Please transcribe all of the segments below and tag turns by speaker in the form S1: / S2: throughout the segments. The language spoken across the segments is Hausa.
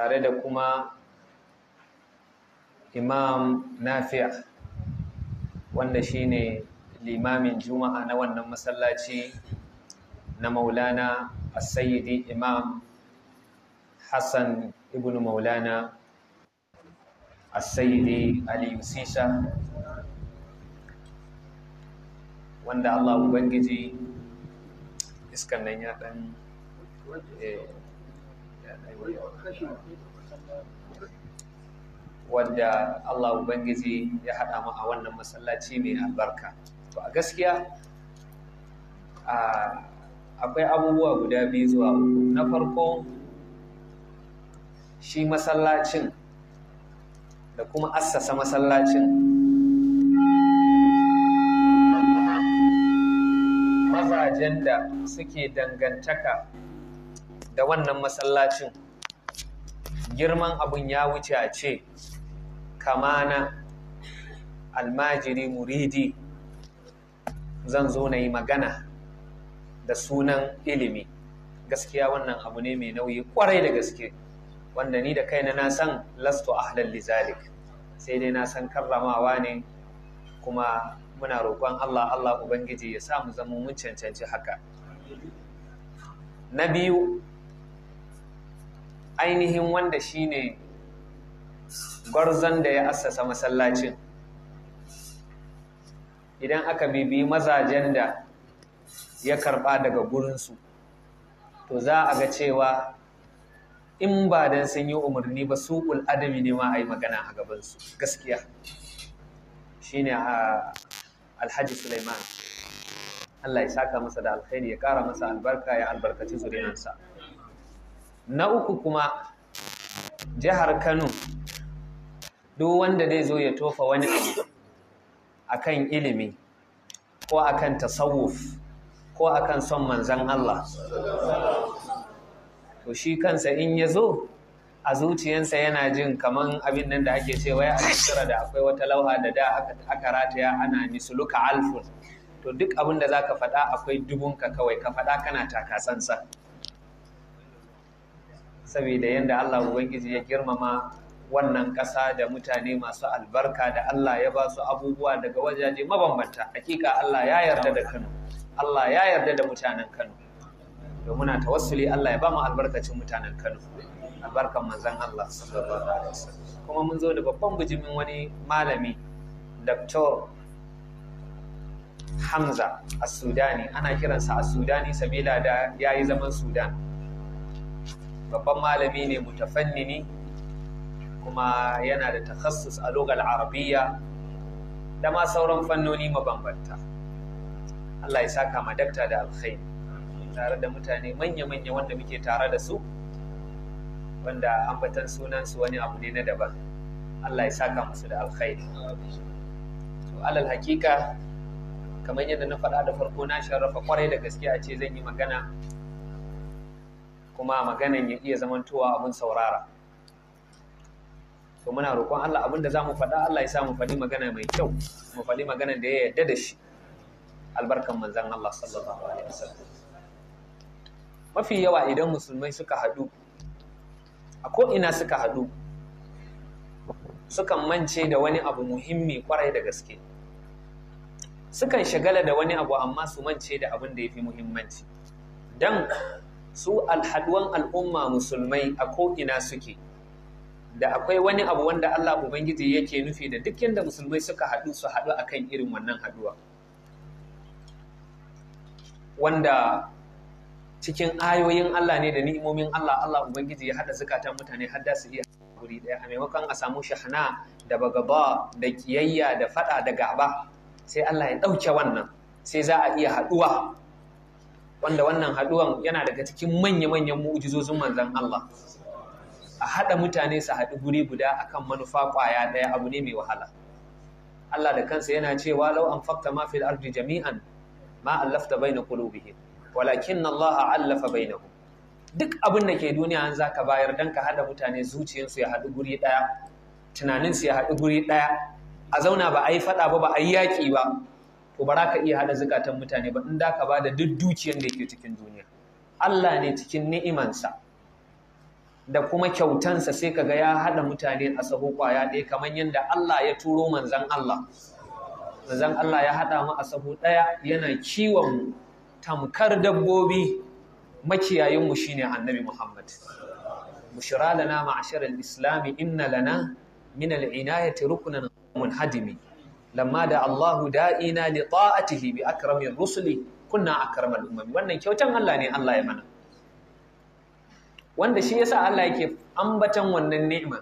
S1: tare da kuma imam nafi'a wanda shine limamin juma'a na wannan masallaci na maulana asayidi imam hassan ibn maulana asayidi aliyu wanda allah ubangiji iskan nan ya dan eh, wanda Allah Ubangiji ya haɗa mu a wannan masallaci mai albarka. To a gaskiya akwai abubuwa guda biyu zuwa uku. Na farko shi masallacin da kuma assasa masallacin. Mazajen da suke dangantaka da wannan masallacin. girman abun ya wuce a ce kamana almajiri muridi zan zo na yi magana da sunan ilimi gaskiya wannan abu ne mai nauyi kwarai da gaske wanda ni da kaina na san a halalli lizalik sai dai na san karramawa ne kuma muna roƙon Allah Allah ubangiji ya sa mu zama mun cancanci haka na biyu ainihin wanda shine gwarzon da ya assasa masallacin idan aka bibi mazajen da ya karba daga gurinsu to za a ga cewa in ba don sun yi umarni ba su ul'adami ne ma a yi magana a gabansu gaskiya shine a alhaji suleiman Allah ya saka masa da alkhairi ya kara masa albarka ya albarkaci zuriyarsa na uku kuma jihar kano duk wanda zai zo ya tofa wani abu akan ilimi ko akan tasawuf ko akan son manzan Allah to shi kansa in ya zo a zuciyarsa yana jin kamar abin nan da ake cewa ya alishira da akwai wata lauha da da aka rataya ana misuluka alfun to duk abin da za ka faɗa akwai dubunka kawai ka faɗa kana taka tsantsa saboda yadda Allah Ubangiji ya girmama wannan ƙasa da mutane masu albarka da Allah ya ba su abubuwa daga wajaje mabambanta hakika Allah ya yarda da Kano Allah ya yarda da mutanen Kano da muna tawassuli Allah ya ba mu albarkacin mutanen Kano albarkan manzon Allah sallallahu alaihi wasallam kuma mun zo da babban bijimin wani malami Dr. Hamza a Sudani ana kiransa a Sudani sabila da yayi zaman Sudan babban malami ne mutafannini kuma yana da takhassus a lugal arabiya da ma sauran fannoni mabambanta Allah ya saka ma dakta da alkhairi tare da mutane manya-manya wanda muke tare da su wanda ambatan sunansu wani abu ne na daban Allah ya saka musu da alkhairi to alal hakika kamar yadda na faɗa da farko na sharrafa kwarai da gaske a ce zan yi magana kuma maganan ya iya zamantowa abin saurara to muna roƙon Allah abin da za mu faɗa Allah ya sa mu faɗi magana mai kyau mu faɗi magana da ya yarda da shi albarkan manzan Allah sallallahu alaihi wasallam mafi yawa idan musulmai suka haɗu a ko'ina suka haɗu sukan mance da wani abu muhimmi kwarai da gaske sukan shagala da wani abu amma su mance da abin da ya fi muhimmanci don su alhaduwan al'umma musulmai a ko'ina suke da akwai wani abu wanda Allah Ubangiji yake nufi da duk yadda musulmai suka haɗu su haɗu a kan irin wannan haɗuwa wanda cikin ayoyin Allah ne da ni'imomin Allah Allah Ubangiji ya haɗa zukatan mutane har da su iya guri ɗaya a maimakon a samu shahana da bagaba da kiyayya da faɗa da gaba sai Allah ya ɗauke wannan sai za a iya haɗuwa wanda wannan haduwan yana daga cikin manya-manyan mu'jizozin manzan Allah a haɗa mutane su haɗu guri guda akan manufa ƙwaya ɗaya abu ne mai wahala Allah da kansa yana cewa law fakta ma fil ardi jami'an ma allafta baina qulubihim walakin Allah allafa bainahum duk abin da ke duniya an zaka bayar dan ka haɗa mutane zuciyarsu ya haɗu guri ɗaya tunaninsu ya haɗu guri ɗaya a zauna ba a yi faɗa ba ba a yi yaƙi ba to ba ka iya hada zukatan mutane ba in da ka da duk dukiyar da ke cikin duniya Allah ne cikin ni'imansa da kuma kyautansa sai ka ga ya haɗa mutane a sahu kwaya ɗaya kamar yadda Allah ya turo manzan Allah manzan Allah ya haɗa mu a sahu ɗaya yana kiwon tamkar dabbobi makiyayin mu shine Annabi Muhammad bushra lana ma'asharal islami inna lana min al-inayati ruknan munhadimi lamma da Allahu da'ina li ta'atihi bi akramir rusuli kunna akramal umami wannan kyautan Allah ne Allah ya mana wanda shi yasa Allah yake ambatan wannan ni'ima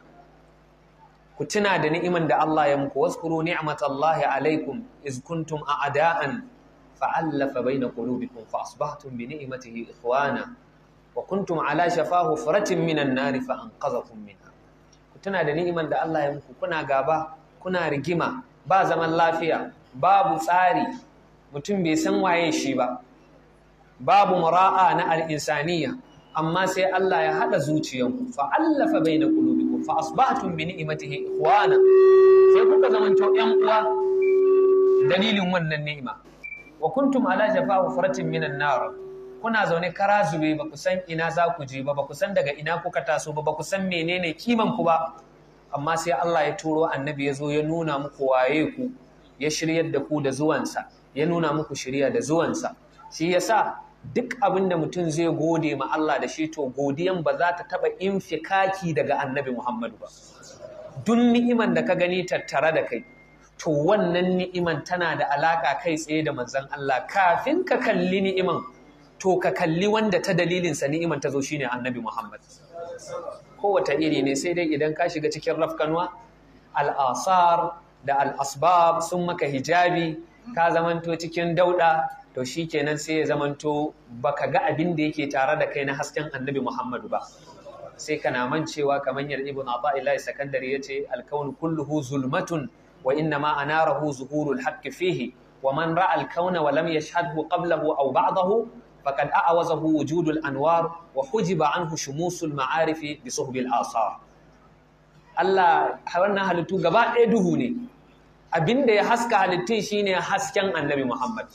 S1: ku tuna da ni'iman da Allah ya muku waskuru ni'matallahi alaikum iz kuntum a'da'an fa'allafa baina qulubikum fa asbahtum bi ni'matihi ikhwana wa kuntum ala shafa hufratin minan nari fa anqadhakum minha ku tuna da ni'iman da Allah ya muku kuna gaba kuna rigima ba zaman lafiya babu tsari mutum bai san waye shi ba babu mura'a na al'insaniya amma sai Allah ya haɗa zuciyanku fa allafa baina qulubikum fa bi ni'matihi ikhwana sai kuka zamanto ƴan uwa dalilin wannan ni'ima wa kuntum ala jafa ufratin minan nar kuna zaune kara zube ba ku san ina za ku je ba ba ku san daga ina kuka taso ba ba ku san menene kiman ku ba amma sai Allah ya turo annabi ya zo ya nuna muku waye ku ya shiryar da ku da zuwansa ya nuna muku shirya da zuwansa shi yasa duk abin da mutum zai gode ma Allah da shi to godiyan ba za ta taba infikaki daga annabi muhammad ba duk ni'iman da ka gani tattare da kai to wannan ni'iman tana da alaka kai tsaye da manzon Allah kafin ka kalli ni'iman to ka kalli wanda ta dalilinsa ni'iman ta zo shine annabi Muhammad kowace iri ne sai dai idan ka shiga cikin rafkanuwa al'asar da al'asbab sun maka hijabi ka zamanto cikin dauda to shi kenan sai ya zamanto baka ga abin da yake tare da kai na hasken annabi muhammadu ba sai kana mancewa kamar yar ibn ata'illahi sakandare ya ce alkaun kulluhu zulmatun wa inna ma anarahu zuhurul haƙƙi fihi wa man ra'al-kauna wa lam yashhadhu qablahu aw ba'dahu faqad a'awazahu wujudul anwar wa hujiba anhu shumusul ma'arifi bi suhbil asar Allah na halittu gaba ɗaya duhu ne abinda ya haska halittun shine hasken annabi Muhammad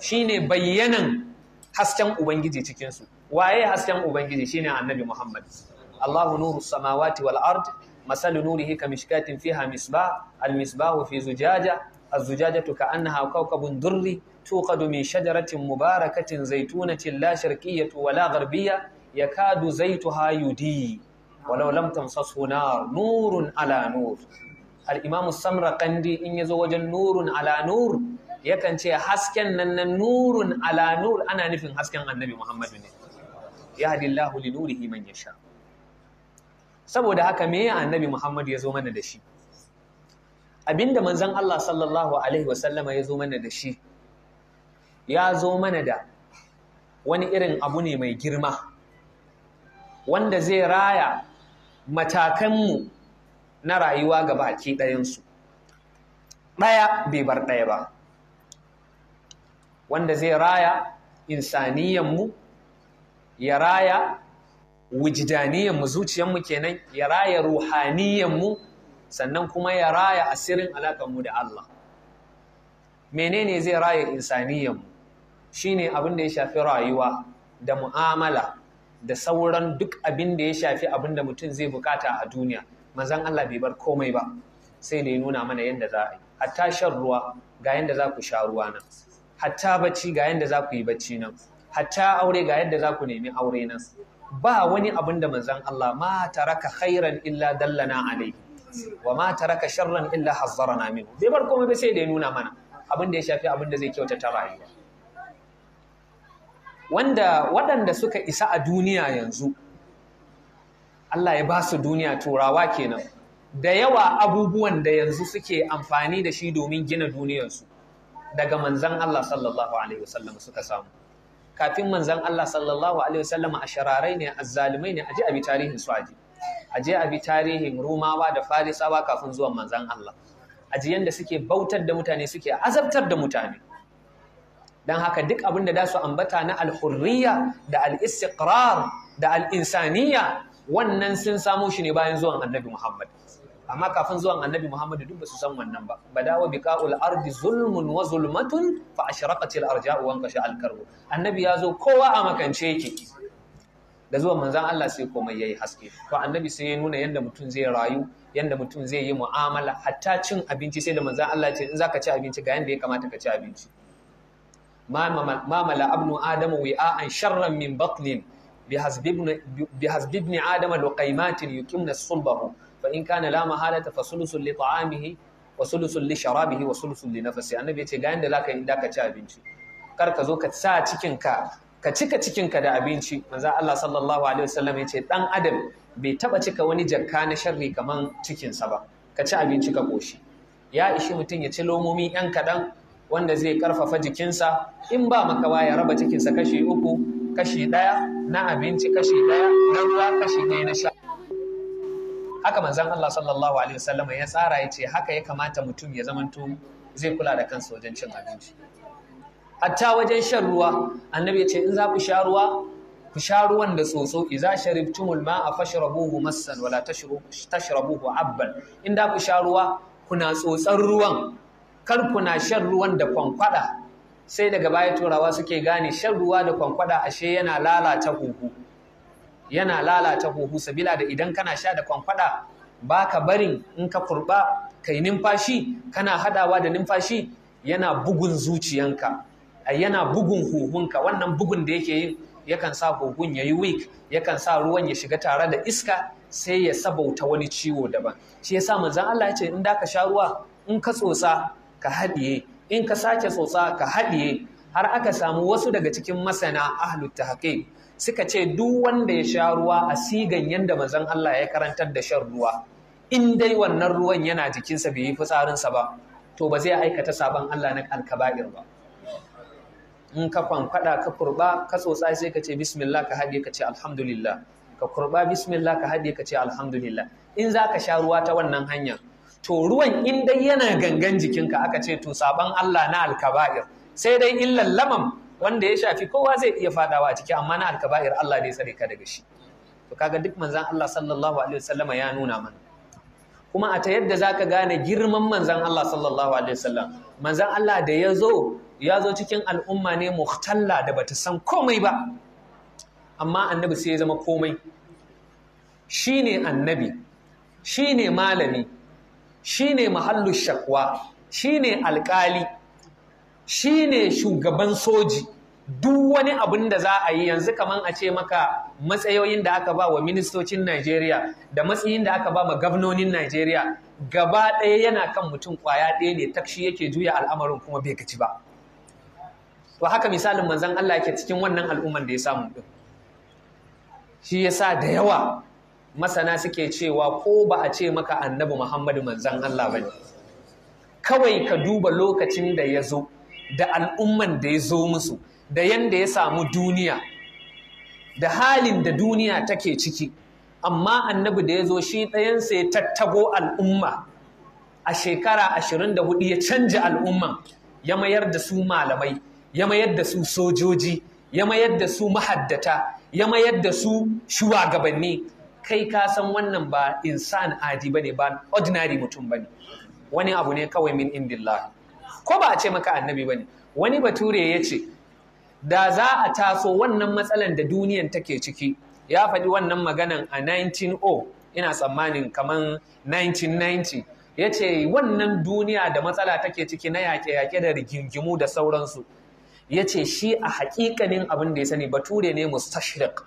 S1: shine bayyanan hasken ubangiji cikinsu. su waye hasken ubangiji shine annabi Muhammad Allahu nuru samawati wal ard masalu nurihi kamishkatin fiha misbah al misbahu fi zujaja az-zujajatu ka'annaha kawkabun durri tuqadu min shajaratin mubarakatin zaitunatin la sharqiyyatu wala gharbiyya ya zaituha zaitu walau lam tamsasu nar nurun ala nur samra imam samraqandi in yazo wajen nurun ala yakan ce hasken nan nan nurun ala ana nufin hasken annabi muhammad ne yahdi allah li nurihi man yasha saboda haka me annabi muhammad yazo mana da shi abinda manzon allah sallallahu alaihi wasallama yazo mana da shi ya zo mana da wani irin abu ne mai girma wanda zai raya matakanmu na rayuwa ga baki ɗayansu ɗaya bai bar ɗaya ba wanda zai raya insaniyanmu ya raya wujidaniyanmu zuciyanmu kenan ya raya ruhaniyanmu sannan kuma ya raya asirin alaƙanmu da Allah menene zai raya insaniyanmu shine abin da ya shafi rayuwa da mu'amala da sauran duk abin da ya shafi abin da mutum zai bukata a duniya manzon Allah bai bar komai ba sai da ya nuna mana yadda za a yi hatta shan ruwa ga yadda za ku sha ruwa nan hatta bacci ga yadda za ku yi bacci nan hatta aure ga yadda za ku nemi aure nan ba wani abin da mazan Allah ma taraka khairan illa dallana alaihi wa ma taraka sharran illa hazzarana minhu bai bar komai sai da ya nuna mana abin da ya shafi abin da zai kyautata rayuwa wanda waɗanda suka isa a duniya yanzu Allah ya ba su duniya turawa kenan da yawa abubuwan da yanzu suke amfani da shi domin gina duniyarsu daga manzan Allah sallallahu alaihi wasallam suka samu kafin manzan Allah sallallahu alaihi wasallam a shararai ne a zalimai ne a abi tarihin su aje a abi tarihin rumawa da farisawa kafin zuwan manzan Allah aje yanda suke bautar da mutane suke azabtar da mutane don haka duk abin da za su ambata na alhurriya da al'istiqrar da al'insaniya wannan sun samo shi ne bayan zuwan annabi Muhammad. Amma kafin zuwan annabi Muhammad duk ba su san wannan ba. Badawa biqa'ul ardi zulmun wa zulmatun fa ashraqatil arja'u wan qasha al karbu. Annabi ya zo kowa a makance yake. Da zuwan manzan Allah sai komai yayi haske. To annabi sai ya nuna yanda mutum zai rayu, yadda mutum zai yi mu'amala, hatta cin abinci sai da manzan Allah ce in ka ci abinci ga yanda ya kamata ka ci abinci. ma mala abnu adama an sharran min batnin بحسب ابن آدم لقيمات يقمن صلبه فإن كان لا محالة فثلث لطعامه وثلث لشرابه وثلث لنفسه annabi yace ga yanda zaka yi da ka ci abinci kar ka zo ka sa cikin ka ka cika cikin ka da abinci manzo Allah sallallahu alaihi wasallam yace dan adam bai taba cika wani jakka na sharri kaman cikin sa ba ka ci abinci ka koshi ya ishi mutun ya ci lomomi yan kadan wanda zai karfafa jikinsa in ba makawa ya raba jikinsa kashi uku kashi ɗaya na abinci kashi ɗaya na ruwa kashi ɗaya na sha haka manzon Allah sallallahu alaihi wasallam ya tsara ya ce haka ya kamata mutum ya zamanto zai kula da kansa wajen cin abinci hatta wajen shan ruwa annabi ya ce in za ku sha ruwa ku sha ruwan da tsotso idza sharibtumul ma'a fashrabuhu massan wala tashrabuhu abban in da ku sha ruwa kuna tsotsar ruwan kar na shan ruwan da kwankwada sai daga baya turawa suke gane shan ruwa da kwankwada ashe yana lalata huhu yana lalata huhu sabila da idan kana sha da kwankwada baka barin in ka kurba kai numfashi kana hadawa da numfashi yana bugun zuciyanka yana bugun huhunka wannan bugun da yake yin yakan sa huhun ya yi weak yakan sa ruwan ya shiga tare da iska sai ya sabauta wani ciwo daban shi yasa manzon Allah ya ce in da ka sha ruwa in ka tsotsa ka haɗiye in ka sake tsotsa ka haɗiye har aka samu wasu daga cikin masana ahlu tahqiq suka ce duk wanda ya sha ruwa a sigan yanda manzon Allah ya karantar da shan ruwa in dai wannan ruwan yana jikinsa bai yi fitsarinsa ba to ba zai aikata sabon Allah na alkaba'ir ba in ka kwankwada ka kurba ka tsotsa sai ka ce bismillah ka haɗe ka ce alhamdulillah ka kurba bismillah ka haɗe ka ce alhamdulillah in za ka sha ruwa ta wannan hanyar to ruwan in dai yana gangan jikinka aka ce to saban Allah na alkaba'ir sai dai illan lamam wanda ya shafi kowa zai iya fadawa a ciki amma na alkaba'ir Allah ne tsare ka daga shi to kaga duk manzon Allah sallallahu alaihi wasallama ya nuna mana kuma a ta yadda zaka gane girman manzon Allah sallallahu alaihi wasallam manzon Allah da ya zo ya zo cikin al'umma ne muhtalla da bata san komai ba amma annabi sai ya zama komai shine annabi shine malami Shi ne mahallu shakwa shine alkali shine shugaban soji duk wani abin da za a yi yanzu kaman a ce maka matsayoyin da aka ba wa ministocin Najeriya da matsayin da aka ba ma gwamnonin Najeriya gaba ɗaya yana kan mutum kwaya ɗaya ne takshi yake juya al'amarin kuma bai gaci ba to haka misalin manzon Allah yake cikin wannan al'umman da ya samu din shi yasa da yawa masana suke cewa ko ba a ce maka annabi Muhammadu manzan Allah ba ne. Kawai ka duba lokacin da ya zo, da al'umman da ya zo musu, da yanda ya samu duniya, da halin da duniya take ciki. Amma annabi da ya zo shi ɗayansa ya tattago al'umma a shekara ashirin da hudu ya canja al'umman, ya mayar da su malamai, ya mayar da su sojoji, ya mayar da su mahaddata, ya mayar da su shugabanni. kai ka san wannan ba insan adi bane ba ordinary mutum bane wani abu ne kawai min indillah ko ba a ce maka annabi bane wani bature ya ce da za a taso wannan matsalan da duniyan take ciki ya faɗi wannan maganan a 1900 ina tsammanin kaman 1990 ya ce wannan duniya da matsala take ciki na yaƙe-yaƙe da rigingimu da sauransu ya ce shi a haƙiƙanin abin da ya sani bature ne mustashrik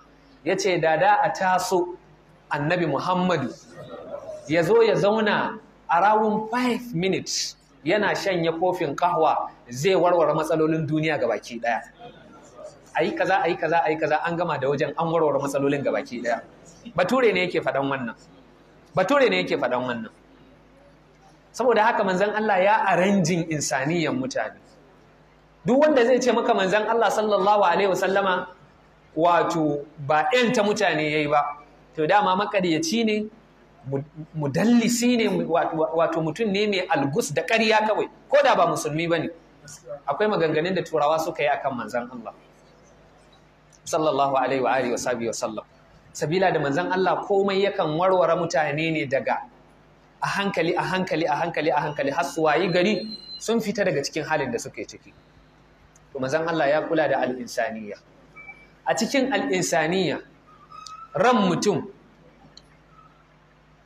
S1: ya ce da da a taso annabi Muhammadu ya zo ya zauna a rawun 5 minutes yana shanye kofin kahwa zai warware matsalolin duniya gabaki daya A yi kaza a yi kaza a yi kaza an gama da wajen an warware matsalolin gabaki daya bature ne yake faɗan wannan bature ne yake faɗan wannan saboda haka manzan Allah ya aranjin insaniyan mutane duk wanda zai ce maka manzan Allah sallallahu alaihi wasallama wato ba 'yanta mutane ya yi ba to dama makaryaci ne mudallisi ne wato mutum ne mai algus da ƙarya kawai ko da ba musulmi ba ne akwai maganganun da turawa suka yi akan manzan Allah sallallahu alaihi wa alihi wa sabi wa sallam sabila da manzan Allah komai yakan warware mutane ne daga a hankali a hankali a hankali a hankali har su wayi gari sun fita daga cikin halin da suke ciki to manzan Allah ya kula da al-insaniya a cikin al-insaniya ran mutum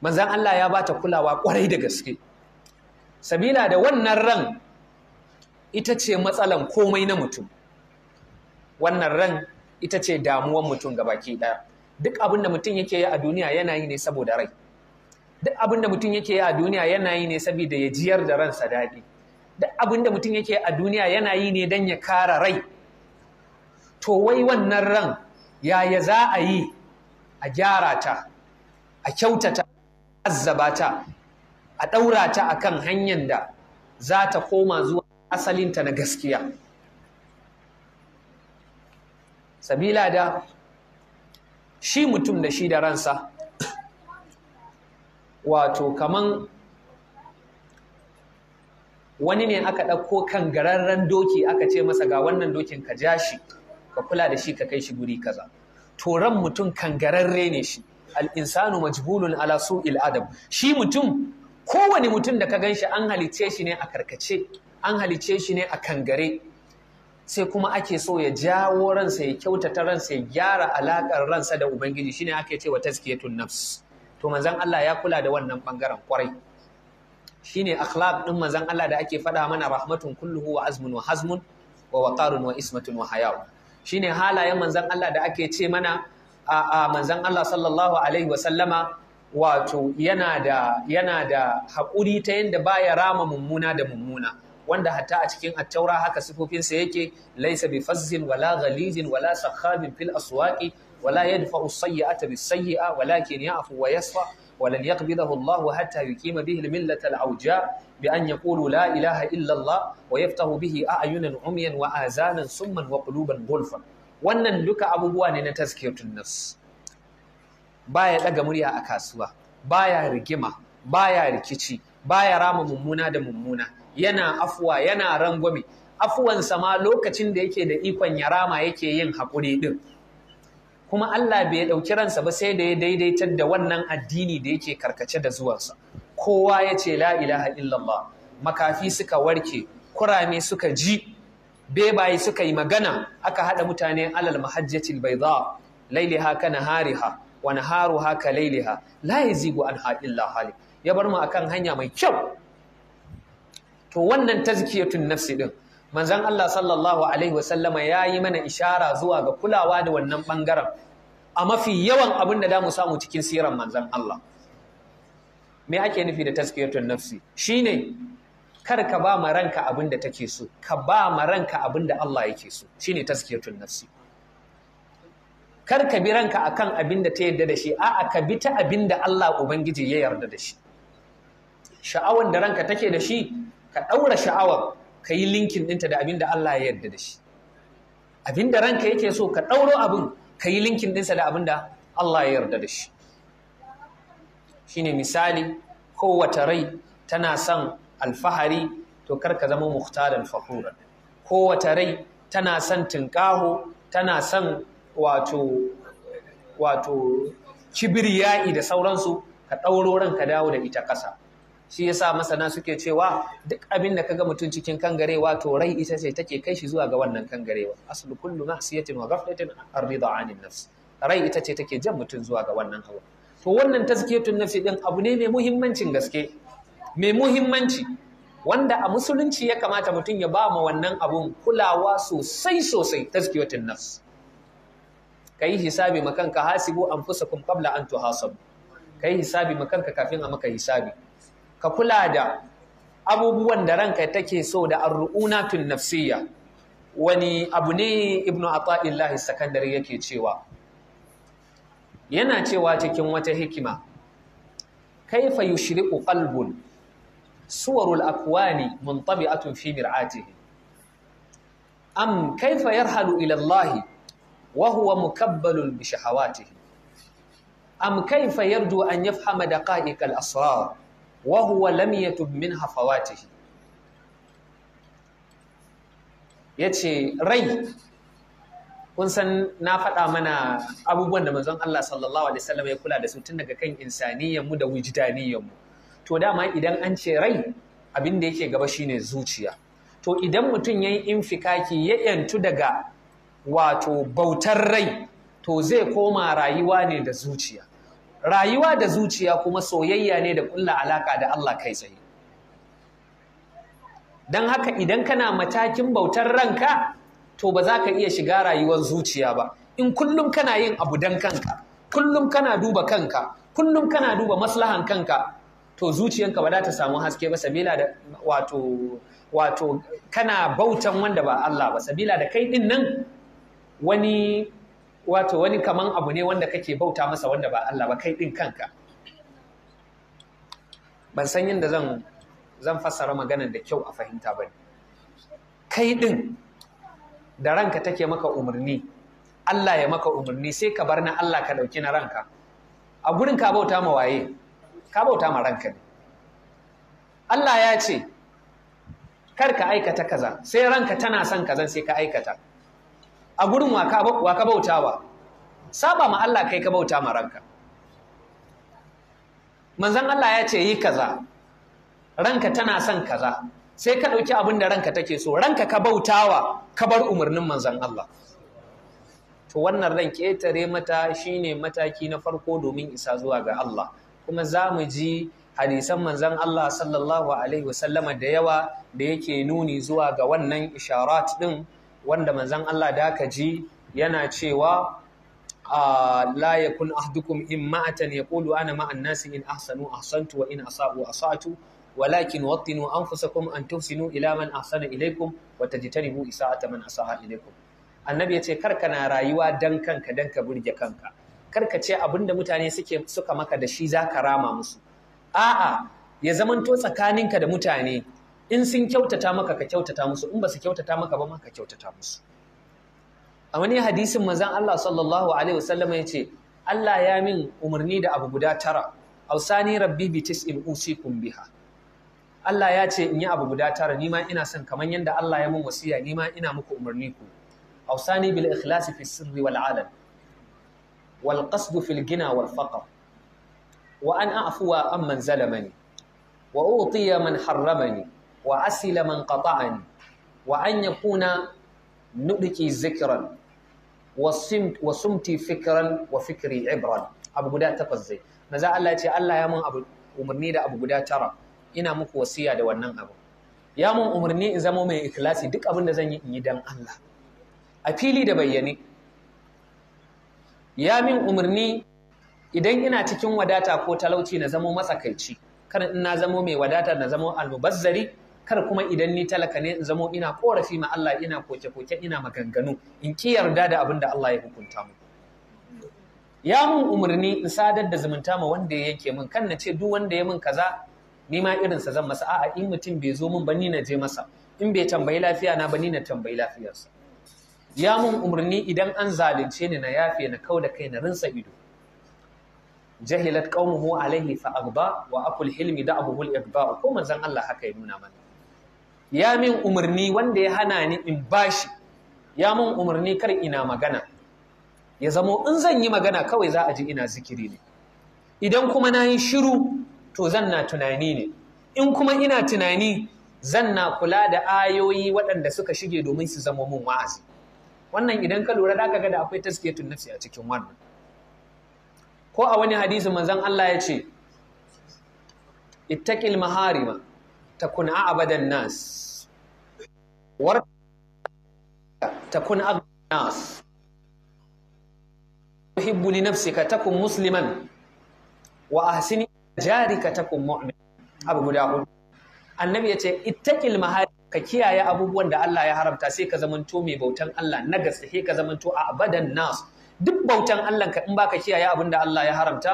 S1: manzan Allah ya bata kulawa kwarai da gaske sabila da wannan ran ita ce matsalan komai na mutum wannan ran ita ce damuwan mutum ga baki ɗaya duk abin da mutum yake yi a duniya yana yi ne saboda rai duk abin da mutum yake yi a duniya yana yi ne saboda ya jiyar da ransa daɗi duk abin da mutum yake a duniya yana yi ne don ya kara rai to wai wannan ran yaya za a yi a gyara ta a kyautata azzaba ta a ɗaura ta akan hanyar da za ta koma zuwa asalinta na gaskiya sabila da shi mutum da shi da ransa wato kaman wani ne aka ɗauko kan gararren doki aka ce masa ga wannan dokin ka ja shi ka kula da shi ka kai shi guri kaza to ran mutum kangararre ne shi al'insanu majbulun ala su'il adam shi mutum kowane mutum da ka gan shi an halice shi ne a karkace an halice shi ne a kangare sai kuma ake so ya jawo ransa ya kyautata ransa ya gyara alaƙar ransa da ubangiji shi shine ake cewa tazkiyatun nafs to manzan Allah ya kula da wannan bangaren kwarai Shi shine akhlaq din manzan Allah da ake faɗa mana rahmatun kulluhu wa azmun wa hazmun wa waqarun wa ismatun wa shine halayen manzon Allah da ake ce mana a manzon Allah sallallahu alaihi wasallama wato yana da haƙuri ta yadda baya rama mummuna da mummuna wanda hatta a cikin attaura haka sifofinsa yake laisa bi fazzin wala ghalizin wala sakhabin fil aswaqi wala yadfa'u sayyi'ata bis sayyi'a walakin ya'fu wa yasfa ولن يقبضه الله حتى يقيم به الملة العوجاء بأن يقولوا لا إله إلا الله ويفتح به أعينا عميا وآذانا سما وقلوبا غلفا wannan duka abubuwa ne na tazkiyatun nafs baya daga murya a kasuwa baya rigima baya rikici baya rama mummuna da mummuna yana afuwa yana rangwame afuwansa ma lokacin da yake da ikon ya rama yake yin haƙuri din kuma Allah bai ɗauki ransa ba sai da ya daidaitar da wannan addini da yake karkace da zuwansa kowa ya ce la illallah makafi suka warke kurame suka ji bebaye suka yi magana aka haɗa mutane alal mahajjatil baydha lailiha kana hariha wa naharuha ka lailiha la yazigu anha illa lahali. ya bar mu akan hanya mai kyau to wannan tazkiyatun nafsi din manzon Allah sallallahu alaihi wasallama yi mana ishara zuwa ga kulawa da wannan bangaren a mafi yawan abin da damu samu cikin siran manzon Allah me ake nufi da tazkiyatun nafsi shine kar ka ba ma ranka abin da take so ka ba ma ranka abin da Allah yake so shine tazkiyatun nafsi kar ka bi ranka akan abin da ta yarda da shi a'a ka bi ta abin da Allah ubangiji ya yarda da shi Sha'awar da ranka take da shi ka ɗaura sha'awar ka yi linkin ɗinta da abin da Allah ya yarda da shi abin da ranka yake so ka ɗauro abin ka yi linkin ɗinsa da abin da Allah ya yarda da shi shine misali kowace rai tana son alfahari to kar ka zama muhtaran Ko kowace rai tana son tinkaho tana son wato wato da sauransu ka ɗauro ranka dawo da ita ƙasa shi yasa masana suke cewa duk abin da kaga mutum cikin kangarewa to rai ita ce take kai shi zuwa ga wannan kangarewa aslu kullu nasiyatin wa ghaflatin arrida anin nafs rai ita ce take jan mutum zuwa ga wannan hawa to wannan tazkiyatun nafsi din abu ne mai muhimmancin gaske mai muhimmanci wanda a musulunci ya kamata mutum ya ba ma wannan abun kulawa sosai sosai tazkiyatun nafs kai hisabi makanka hasibu anfusakum qabla an tuhasabu kai hisabi makanka kafin a maka hisabi ka kula da abubuwan da ranka take so da arru'unatun nafsiya wani abu ne ibnu ata'illahi sakandare yake cewa yana cewa cikin wata hikima kaifa yushriqu qalbun suwarul akwani muntabi'atun fi mir'atihi am kaifa yarhalu ila Allah wa huwa mukabbalun bi shahawatihi am kaifa yarju an yafhama daqa'iq asrar wa huwa lam yatub min hafawatihi yace rai kun san na faɗa mana abubuwan da manzon Allah sallallahu alaihi wasallam ya kula da su tun daga kan insaniyyar mu da wujdaniyar mu to dama idan an ce rai abin da yake gaba shine zuciya to idan mutum yayi infikaki ya yantu daga wato bautar rai to zai koma rayuwa ne da zuciya rayuwa da zuciya kuma soyayya ne da kulla alaka da Allah kai tsaye don haka idan kana matakin bautar ranka to ba za ka iya shiga rayuwar zuciya ba in kullum kana yin abu dan kanka kullum kana duba kanka kullum kana duba maslahan kanka to zuciyanka ba za ta samu haske ba sabila da wato wato kana bautan wanda ba Allah ba sabila da kai din nan wani wato wani kaman abu ne wanda kake bauta masa wanda ba Allah ba kai din kanka ban san yadda zan zan fassara maganar da kyau a fahimta ba kai din da ranka take maka umarni Allah ya maka umarni sai ka bar na Allah ka dauki na ranka a gurin ka bauta ma waye ka bauta ma ranka ne Allah ya ce kar ka aikata kaza sai ranka tana son kaza sai ka aikata a gurin wa ka bautawa saba ma Allah kai ka bauta ma ranka Manzan Allah ya ce yi kaza ranka tana son kaza sai ka ɗauki abin da ranka take so ranka ka bautawa ka bar umarnin manzan Allah to wannan ran ƙetare mata shine mataki na farko domin isa zuwa ga Allah kuma za mu ji hadisan manzan Allah sallallahu alaihi wasallama da yawa da yake nuni zuwa ga wannan isharat din wanda manzan Allah da ka ji yana cewa la yakun ahdukum in ma'atan ya yaqulu ana ma'an nasi in ahsanu ahsantu wa in asa'u asa'tu walakin wattinu kuma an tuhsinu ila man ahsana ilaikum wa isa ta man asa'a ilaikum annabi yace karka na rayuwa dan kanka dan ka burge kanka karka ce da mutane suke suka maka da shi za ka rama musu a'a ya zamanto tsakaninka da mutane in sun kyautata maka ka kyautata musu in ba su kyautata maka ba ma ka kyautata musu a wani hadisin manzon Allah sallallahu alaihi wasallam ya ce Allah ya min umarni da abu guda tara ausani rabbi bi tis'in usikum biha Allah ya ce in yi abu guda tara ni ma ina son kamar yadda Allah ya mun wasiya ni ma ina muku umarni ku ausani bil ikhlasi fi sirri wal alam wal qasdu fil gina wal faqr wa an a'fuwa amman zalamani wa utiya man harramani wa asila man qata'ani wa an yakuna nudki zikran wa sumti fikran wa fikri ibran abu guda takwas zai maza Allah ya ce Allah ya mun umarni da abu guda tara ina muku wasiya da wannan abu ya mun umarni in zama mai ikhlasi duk abin da zan yi in yi dan Allah a fili da bayyane ya min umarni idan ina cikin wadata ko talauci na zamo matsakaici kar in na zamo mai wadata na zamo almubazzari kar kuma idan ni talaka ne in zamo ina korafi ma Allah ina koke-koke ina maganganu in ki yarda da abin da Allah ya hukunta mu ya mun umarni in sadar da zumunta ma wanda ya yanke min kan na ce duk wanda ya min kaza ni ma irinsa zan masa a'a in mutum bai zo mun ba ni na je masa in bai tambayi lafiya na ba ni na tambayi lafiyarsa ya mun umarni idan an zalunce ni na yafe na kau da kai na rinsa ido jahilat qaumuhu alaihi fa wa aqul hilmi da abuhul igba ko manzon Allah haka ya nuna mana ya min umarni wanda ya hana ni in bashi ya min umarni kar ina magana ya zamo in zan yi magana kawai za a ji ina zikiri ne idan kuma na yi shiru to zan na tunani ne in kuma ina tunani zan na kula da ayoyi waɗanda suka shige domin su zamo mun wa'azi wannan idan ka lura da ga da akwai tazkiyatun nafsi a cikin wannan ko a wani hadisi manzon Allah ya ce ittaqil maharima takun a'abadan nas war takun aghnan nas tuhibbu li nafsika takun musliman wa ahsini jarika takun mu'min abu guda hudu annabi yace ittaqil mahari ka kiyaye abubuwan da Allah ya haramta sai ka zamanto mai bautan Allah na gaske sai ka zamanto a abadan nas duk bautan Allah ka in baka kiyaye abin da Allah ya haramta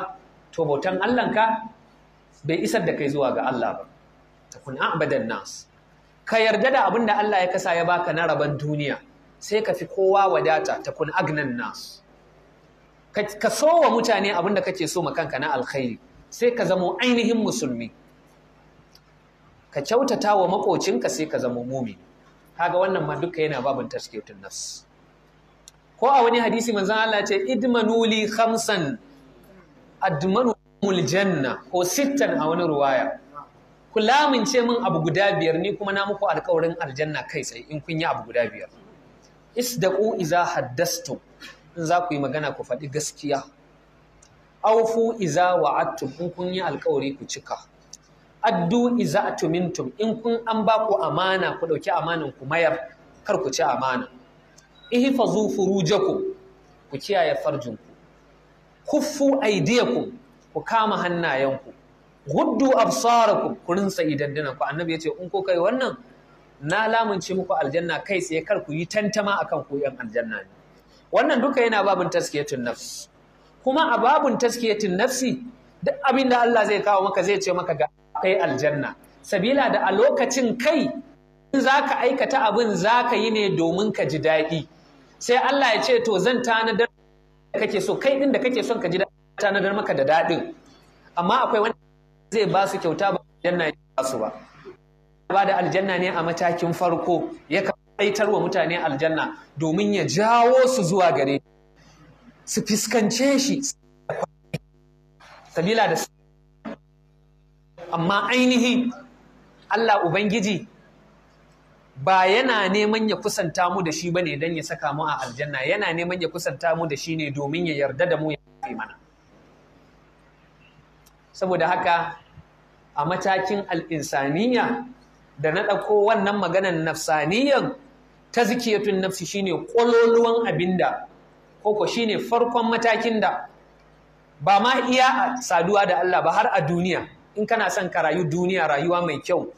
S1: to bautan Allah ka bai isar da kai zuwa ga Allah ba takun a'badan nas ka yarda da abin da Allah ya kasa ya baka na rabon duniya sai ka fi kowa wadata takun agnan nas ka so wa mutane abin da kake so kanka na alkhairi sai ka zamo ainihin musulmi ka kyautata wa makocinka sai ka zamo mumi kaga wannan ma duka yana babin tazkiyatun nafs ko a wani hadisi zan Allah ce idmanuli khamsan admanu muljanna ko sittan a wani ruwaya ku lamince min abu guda biyar ni kuma na muku alkawarin aljanna kai tsaye in kun yi abu guda biyar isdaqu iza haddastu in za ku yi magana ku faɗi gaskiya aufu iza wa'attum in kun yi alkawari ku cika addu iza atumintum in kun an ba ku amana ku ɗauki amanan ku mayar kar ku ci amana ihfazu furujakum ku kiyaye farjin farjinku kuffu aydiyakum ku kama hannayen ku. guddu absarakum ku idan idandunan ku annabi ce in ko kai wannan na lamunce muku aljanna kai tsaye kar ku yi tantama akan ku yan aljanna ne wannan duka yana babun taskiyatun nafs kuma a babun taskiyatun nafsi duk abin Allah zai kawo maka zai ce maka ga kai aljanna sabila da a lokacin kai in zaka aikata abin zaka yi ne domin ka ji daɗi sai Allah ya ce to zan tanadar da kake so kai din da kake son ka ji daɗi tanadar maka da daɗin amma akwai wani zai ba su kyauta ba aljanna ne ba su ba ba da aljanna ne a matakin farko ya kaitar wa mutane aljanna domin ya jawo su zuwa gare su fiskance shi sabila da amma ainihi Allah Ubangiji ba yana neman ya kusanta mu da shi ba ne don ya saka mu a aljanna yana neman ya kusanta mu da shi ne domin ya yarda da mu ya mana. saboda haka a matakin al'insaniya da na ɗauko wannan maganan nafsaniyan ta zikiyatun nafsi shine ƙwaloluwan abinda koko shine farkon matakin da ba ma iya saduwa da Allah ba har a duniya in kana son ka rayu duniya rayuwa mai kyau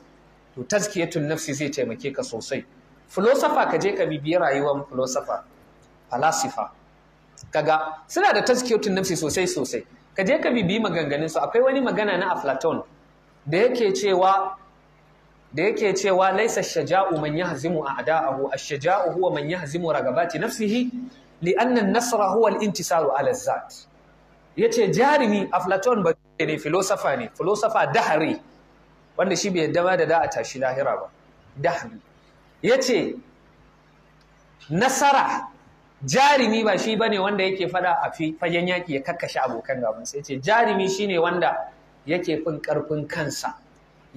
S1: to tazkiyatun nafsi zai taimake ka sosai filosofa ka je ka bibiyi rayuwar filosofa falasifa kaga suna da tazkiyatun nafsi sosai sosai ka je ka bibi maganganunsu akwai wani magana na aflaton da yake cewa da yake cewa laisa shaja'u man yahzimu a'da'ahu ash-shaja'u huwa man yahzimu ragabati nafsihi li'anna an-nasra huwa al-intisaru 'ala zat yace jarimi aflaton ba ne philosopher ne philosopher dahari wanda shi bai yadda da da a tashi lahira ba dahari yace nasara jarimi ba shi bane wanda yake fada a fagen yaki ya kakkashe abokan gaban sai ce jarimi shine wanda yake fin karfin kansa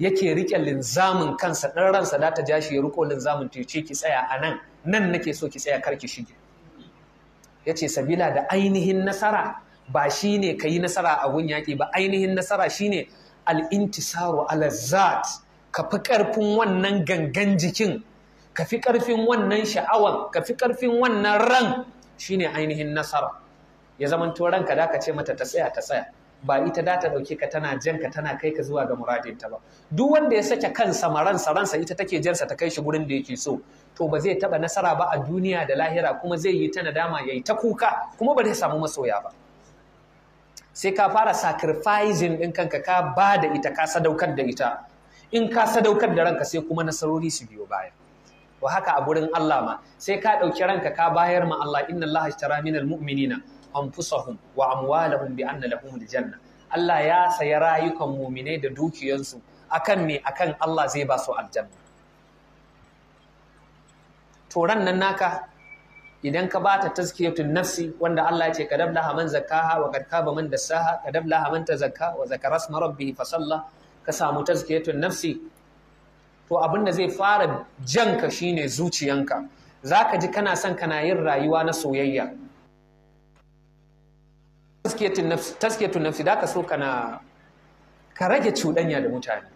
S1: yake rike linzamin kansa dan ransa da ta ja shi ya riko linzamin to ce ki tsaya a nan nan nake so ki tsaya karki shige yace sabila da ainihin nasara ba shi shine kayi nasara a gun yaki ba ainihin nasara shine al-intisaru ala zat ka fi karfin wannan gangan jikin ka fi ƙarfin wannan sha'awan ka fi ƙarfin wannan ran shine ainihin nasara ya zamanto ranka da ka ce mata ta tsaya ta tsaya ba ita da ta dauke ka tana janka tana kai ka zuwa ga muradinta ba duk wanda ya sake kansa maransa ransa ita take jansa ta kai shi gurin da yake so to ba zai taba nasara ba a duniya da lahira kuma zai yi ta nadama yayi ta kuka kuma ba zai samu masoya ba sai ka fara sacrificing din kanka ka ba da ita ka sadaukar da ita in ka sadaukar da ranka sai kuma nasarori su biyo baya wa haka a gurin Allah ma sai ka ɗauki ranka ka bayar ma Allah inna Allah ishtara minal mu'minina anfusahum wa amwalahum bi anna lahum aljanna Allah ya saya rayukan mu'minai da dukiyansu akan me akan Allah zai ba su aljanna to ran nan naka idan ka bata tazkiyatun nafsi wanda Allah ya ce kadab laha man zakkaha wa kad kaba man dassaha kadab laha man tazakka wa zakara isma rabbi fa sallah ka samu tazkiyatun nafsi to abin da zai fara janka shine zuciyanka za ka ji kana son kana yin rayuwa na soyayya tasketun nafsi da ka so kana ka rage cuɗanya da mutane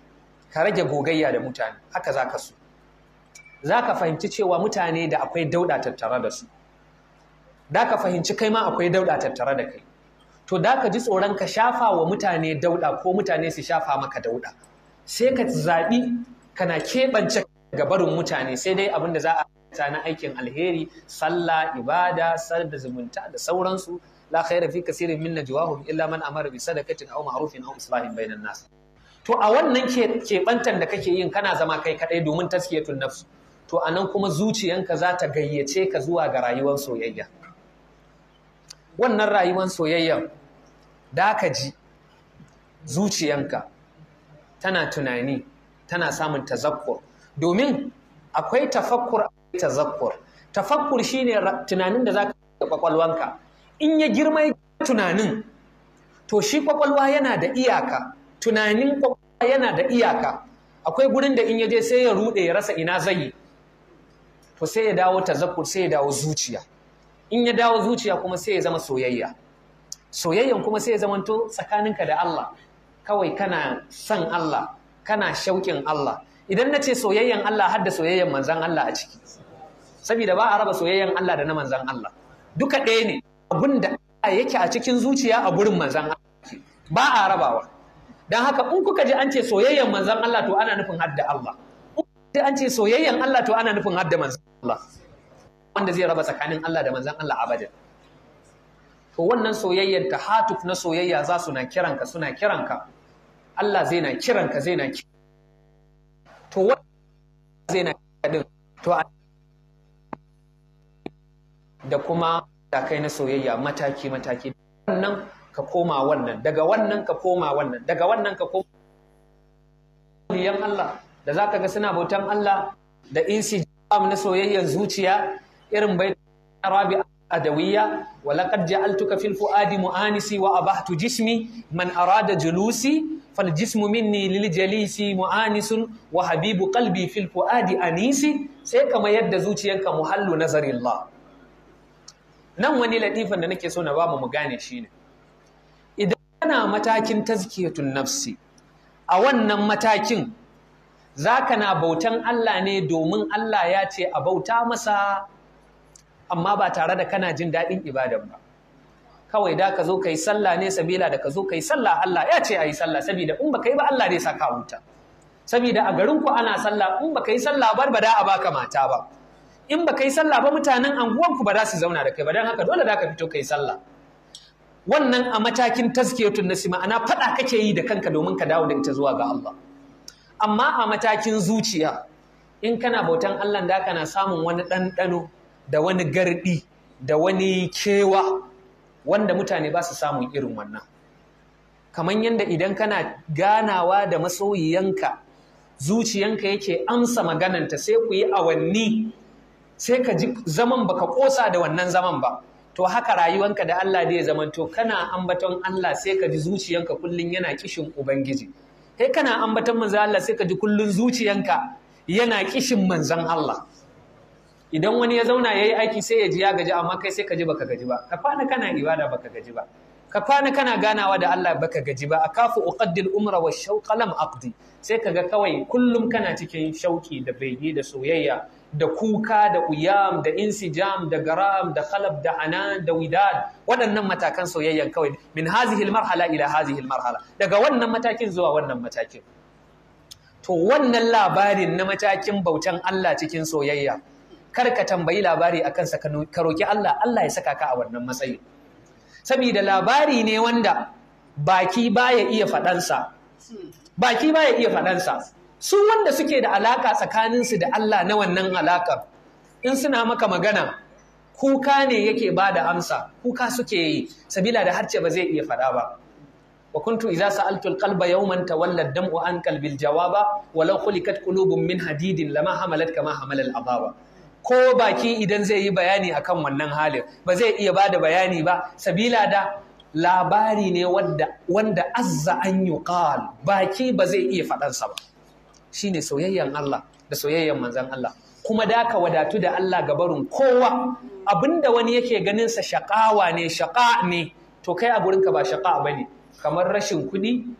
S1: ka rage gogayya da mutane haka za ka so za ka fahimci cewa mutane da akwai dauɗa tattare da su da ka fahimci kai ma akwai dauɗa tattare da kai to da ka ji tsoron ka shafa wa mutane dauɗa ko mutane su shafa maka dauɗa sai ka zaɓi kana keɓance ga barin mutane sai dai abin da za a ta na aikin alheri sallah ibada sar da zumunta da sauransu la khaira fi kasirin min najwahum illa man amara bi sadaqatin aw ma'rufin aw islahin bainan nas to a wannan keɓantar da kake yin kana zama kai kaɗai domin taskiyatun nafsu to a nan kuma zuciyanka za ta gayyace ka zuwa ga rayuwar soyayya wannan rayuwar soyayya da ka ji zuciyanka tana tunani tana samun tazakkur domin akwai tafakkur akwai tazakkur tafakkur shine tunanin da zaka ga kwakwalwanka in ya girma tunanin to shi kwakwalwa yana da iyaka tunanin kwakwalwa yana da iyaka akwai gurin da in ya je sai ya rude ya rasa ina zai yi to sai ya dawo tazakkur sai ya dawo zuciya in ya dawo zuciya kuma sai ya zama soyayya soyayyan kuma sai ya zamanto tsakaninka da Allah kawai kana son Allah kana shauƙin Allah idan na ce soyayyen Allah har da soyayyen manzan Allah a ciki saboda ba a raba soyayyen Allah da na manzan Allah duka ɗaya ne abin da yake a cikin zuciya a gurin manzan Allah ba a rabawa don haka in kuka ji an ce soyayyen manzan Allah to ana nufin hadda Allah in ji an ce soyayyen Allah to ana nufin hadda manzan Allah wanda zai raba tsakanin Allah da manzan Allah abadan to wannan soyayyen ta hatuf na soyayya za su na kiranka suna kiranka Allah zai na kiranka zai na to zai na to a da kuma na soyayya mataki mataki wannan ka koma wannan daga wannan ka koma wannan daga wannan ka koma Allah da zaka ga suna bautan Allah da insijam na soyayyan zuciya irin bai rabi adawiyya wa laqad ja'altuka fil fuadi mu'anisi wa abahtu jismi man arada julusi fal jismu minni lil jalisi mu'anisun wa habibu qalbi fil fuadi anisi sai kama yadda zuciyanka muhallu nazarillah nan wani latifan da nake so na ba mu mu gane shine idan kana matakin tazkiyatun nafsi a wannan matakin zaka na bautan Allah ne domin Allah ya ce a bauta masa amma ba tare da kana jin daɗin ibadan ba kawai da ka zo ka yi sallah ne sabila da ka zo ka yi sallah Allah ya ce a yi sallah sabida in ba ka yi ba Allah ne saka wuta sabida a garin ku ana sallah in ba ka yi sallah ba ba da a baka mata ba in ba ka yi sallah ba mutanen anguwan ku ba za su zauna da kai ba dan haka dole da ka fito ka yi sallah wannan a matakin tazkiyatun nasi ma'ana faɗa kake yi da kanka domin ka dawo da ita zuwa ga Allah amma a matakin zuciya in kana bautan Allah da kana samun wani ɗanɗano da wani garɗi da wani kewa wanda mutane ba su samun irin wannan kamar yadda idan kana ganawa da masoyiyanka zuciyanka yake amsa magananta sai ku yi awanni sai ka ji zaman baka kosa da wannan zaman ba to haka rayuwanka da Allah zai zamanto kana ambaton Allah sai ka ji zuciyanka kullum yana kishin ubangiji kai kana ambaton manzon Allah sai ka ji kullum zuciyanka yana kishin manzon Allah idan wani ya zauna ya yi aiki sai ya ji ya gaji amma kai sai ka ji baka gaji ba ka fana kana ibada baka gaji ba ka fana kana ganawa da Allah baka gaji ba akafu uqaddil umra wa shauqa lam aqdi sai kaga kawai kullum kana cikin shauki da bege da soyayya da kuka da uyam da insijam da garam da khalab da anan da widad waɗannan matakan soyayya kawai min hazihi marhala ila hazihi marhala daga wannan matakin zuwa wannan matakin to wannan labarin na matakin bautan Allah cikin soyayya kar ka tambayi labari akan kansa ka roƙi Allah Allah ya saka ka a wannan matsayi saboda labari ne wanda baki baya iya faɗansa baki baya iya faɗansa su wanda suke da alaka tsakaninsu da Allah na wannan alaƙa. in suna maka magana kuka ne yake ba da amsa kuka suke yi sabila da harce ba zai iya faɗa ba wa kuntu idza sa'altu al-qalba yawman tawalla ad-dam'u an qalbi al-jawaba wa khuliqat qulubun min hadidin lama hamalat kama hamala al-abawa ko baki idan zai yi bayani akan wannan halin ba zai iya ba da bayani ba sabila da labari ne wanda azza an yi kawal baki ba zai iya faɗansa ba Shi ne soyayyen Allah da soyayyen manzan Allah kuma da ka wadatu da Allah ga barin kowa abinda wani yake ganinsa shaƙawa ne shaƙa ne to kai a gurinka ba shaƙa ba ne kamar rashin kuɗi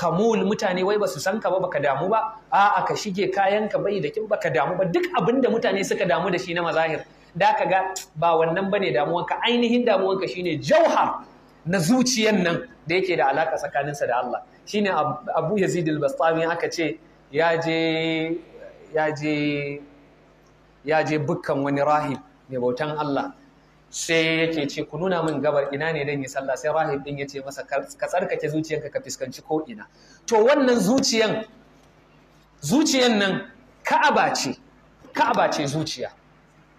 S1: hamul mutane wai basu san ka ba baka damu ba a'a ka shige kayan ka bai da kin baka damu ba duk abin da mutane suka damu da shi na mazahir da ka ga ba wannan bane damuwan ka. ainihin damuwan damuwanka shine jauhar na zuciyar nan da yake da alaka tsakanin sa da Allah shine Abu Yazid al-Bastami aka ce ya je ya je ya je bukkan wani rahib mai bautan Allah sai yake ce ku nuna min gabar ina ne dan yi sallah sai rahib din yace masa ka tsarkake zuciyanka ka fiskanci ko ina to wannan zuciyan zuciyan nan ka'aba ce ka'aba ce zuciya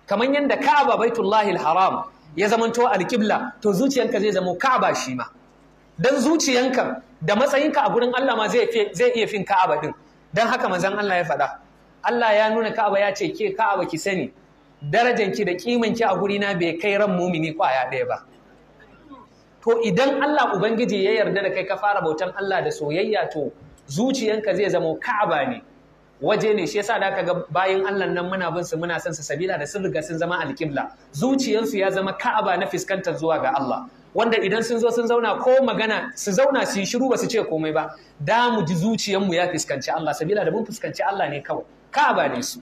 S1: kamar yanda ka'aba baitullahi alharam ya zamanto alqibla to zuciyanka zai zama ka'aba shi ma dan zuciyanka da matsayinka a gurin Allah ma zai zai iya fin ka'aba din dan haka manzon Allah ya faɗa Allah ya nuna ka'aba ya ce ke ka'aba ki sani darajanki da kimanki a gurina bai kai ran mumini kwaya ɗaya ba to idan Allah ubangiji ya yarda da kai ka fara bautan Allah da soyayya to zuciyanka zai zama ka'aba ne waje ne shi yasa da aka ga bayan Allah nan muna bin su muna son su sabila da sun riga sun zama alƙibla zuciyansu ya zama ka'aba na fuskantar zuwa ga Allah wanda idan sun zo sun zauna ko magana su zauna su yi shiru ba su ce komai ba da mu ji zuciyanmu ya fuskanci Allah sabila da mun fuskanci Allah ne kawai ka'aba ne su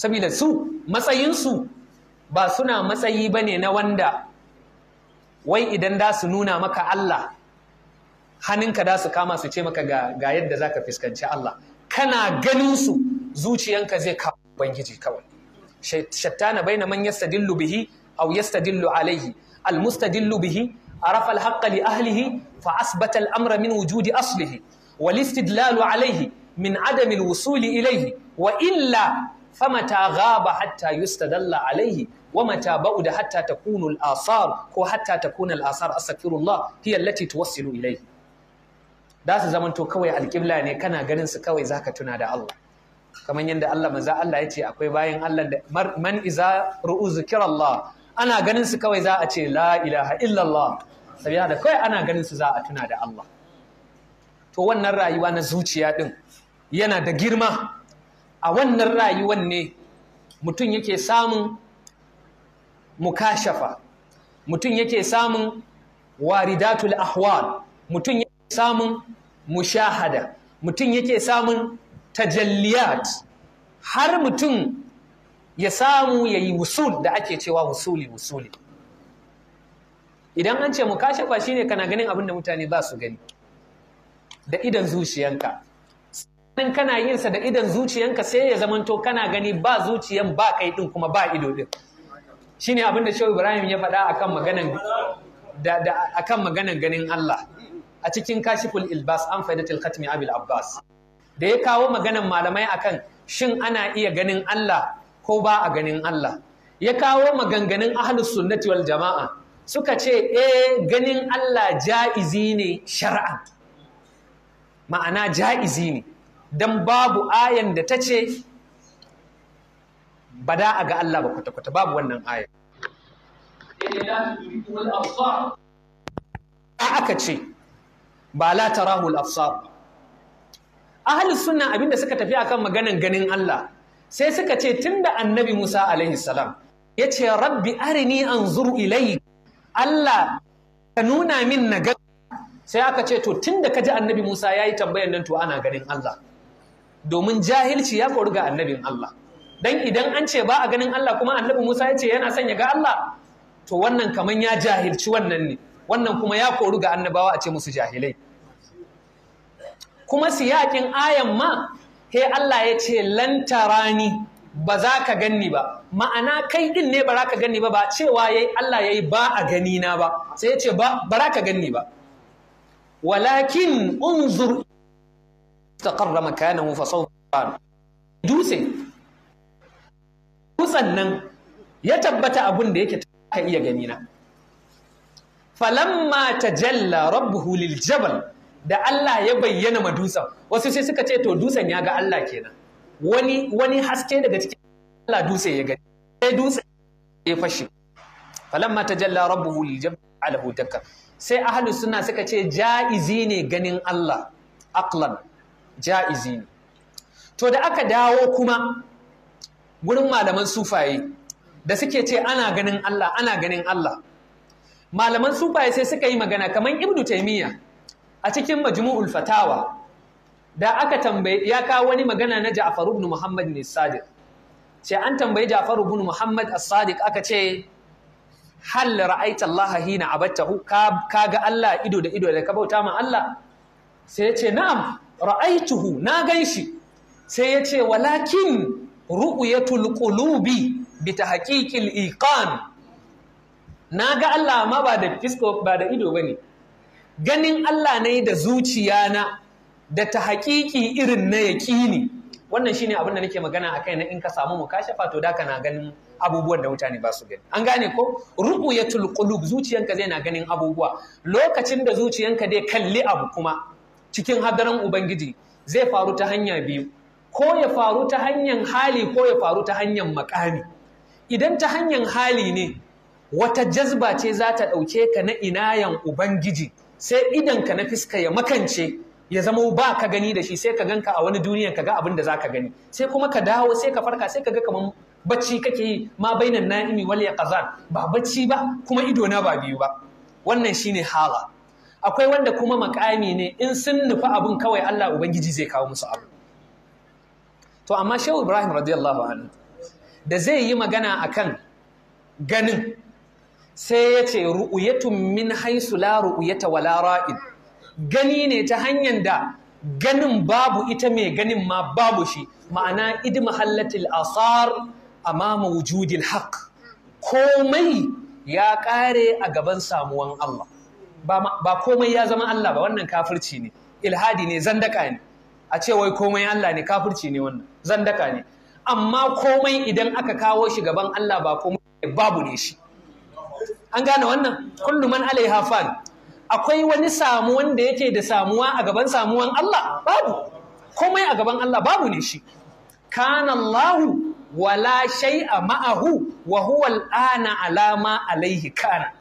S1: saboda su matsayinsu ba suna matsayi ba ne na wanda wai idan da su nuna maka Allah hannunka da su kama su ce maka ga yadda za ka fuskanci Allah kana ganinsu zuciyanka zai kawo ubangiji kawai shattana baina man yastadillu bihi aw yastadillu alaihi almustadillu bihi arafa alhaqqa li ahlihi fa asbata al'amra min wujudi aslihi wal istidlalu alaihi min adami alwusuli ilaihi wa illa famata ghaba hatta yustadalla alaihi wa mata ba'uda hatta takunu al-asar ko hatta takuna al-asar astaghfirullah hiya allati tuwassilu ilayhi da su zamanto kawai alƙibla ne kana ganin su kawai zaka tuna da Allah kamar yadda Allah manzo Allah ya ce akwai bayan Allah da man iza ru'u zikrallah ana ganin su kawai za a ce la ilaha illallah sabiya da kawai ana ganin su za a tuna da Allah to wannan rayuwa na zuciya din yana da girma a wannan rayuwan ne mutum yake samun mukashafa mutum yake samun waridatul ahwal mutum yake samun mushahada mutum yake samun tajalliyat har mutum ya samu ya yi wusul da ake cewa wusuli wusuli idan an ce mukashafa shine kana ganin abin da mutane ba su gani da idan zuciyanka in kana yin sa da idan zuciyanka sai ya zamanto kana gani ba zuciyan ba kai din kuma ba ido din shine abin da Shehu Ibrahim ya faɗa akan maganan maganan ganin Allah a cikin Kashiful Ilbas an faidatul Khatmi Abil Abbas da ya kawo maganan malamai akan shin ana iya ganin Allah ko ba a ganin Allah ya kawo maganganun ahlus sunnati wal jama'a suka ce eh ganin Allah ja'izi ne shar'an ma'ana ja'izi ne Don babu ayan da ta ce ba da a ga Allah ba kwata-kwata babu wannan ayan a aka ce ba la tarahul afsar ahli suna abinda suka tafi akan maganan ganin Allah sai suka ce tun da annabi Musa alaihi salam ce rabbi arini zuru ilai Allah ka nuna min na gani. sai aka ce to tun da ka ji annabi Musa ya yi tambayan nan to ana ganin Allah domin jahilci ya koru ga annabin Allah dan idan an ce ba a ganin Allah kuma annabi Musa ya ce yana son ya ga Allah to wannan kaman ya jahilci wannan ne wannan kuma ya koru ga annabawa a ce musu jahilai kuma siyakin ayan ma he Allah ya ce ni, ba za ka ganni ba ma'ana kai din ne ba za ka ganni ba ba cewa yayi Allah yayi ba a gani na ba sai ya ce ba ba za ka ganni ba walakin unzur taqarra makanahu fa dutse dutsen nan ya tabbata abin da yake ka iya ganina. na falamma tajalla rabbuhu jabal da Allah ya bayyana ma dutsen wasu sai suka ce to dutsen ya ga Allah kenan wani wani haske daga cikin Allah dutse ya gani sai dutse ya fashi falamma tajalla rabbuhu lil jabal alahu dakka sai ahlus sunna suka ce jaizi ne ganin Allah aqlan ja'izi ne to da aka dawo kuma wurin malaman sufaye da suke ce ana ganin Allah ana ganin Allah malaman sufaye sai suka yi magana kamar ibnu taimiyya a cikin majmu'ul fatawa da aka tambaye ya kawo wani magana na Ja'far ibn Muhammad ne Sadiq sai an tambaye Ja'far ibn Muhammad as-Sadiq aka ce hal ra'aita Allah hina abattahu ka ga Allah ido da ido da ka bauta ma Allah sai ya ce na'am ra'aituhu na gan shi sai ya ce walakin ru'uyatul qulubi bi tahqiqil iqan na ga Allah ma ba da fisko ba da ido bane ganin Allah ne da zuciya na da ta tahqiqi irin na yaqini wannan shine abin da nake magana akai na in ka samu mukashafa to da na ganin abubuwan da mutane ba su gani an gane ko ru'uyatul qulub zuciyanka zai na ganin abubuwa lokacin da zuciyanka dai kalli abu kuma cikin hadarin ubangiji zai faru ta hanya biyu ko ya faru ta hanyar hali ko ya faru ta hanyar makami idan ta hanyar hali ne wata jazba ce za ta ɗauke ka na inayen ubangiji sai idan ka na fiska ya makance ya zama ba ka gani da shi sai ka gan ka a wani duniya ka ga abin da za ka gani sai kuma ka dawo sai ka farka sai ka ga kamar bacci kake yi ma bainan na'imi wal yaqzan ba bacci ba kuma ido na ba biyu ba wannan shine hala akwai wanda kuma makami ne in sun nufi abun kawai Allah ubangiji zai kawo musu abu to amma shehu ibrahim radiyallahu anhu da zai yi magana akan ganin sai ya ce ru'uyatun min haisu la ru'uyata wala ra'in. gani ne ta hanyar da ganin babu ita mai ganin ma babu shi ma'ana id halatul asar amama wujudil haq komai ya kare a gaban samuwan Allah ba komai ya zama Allah ba wannan kafirci ne ilhadi ne zandaka ne a ce wai komai Allah ne kafirci ne wannan zandaka ne amma komai idan aka kawo shi gaban Allah ba komai babu ne shi an gane wannan kullu man alaiha fan akwai wani samuwan da yake da samuwa a gaban samuwan Allah babu komai a gaban Allah babu ne shi kana Allahu wala shay'a ma'ahu wa huwa al'ana alama alaihi kana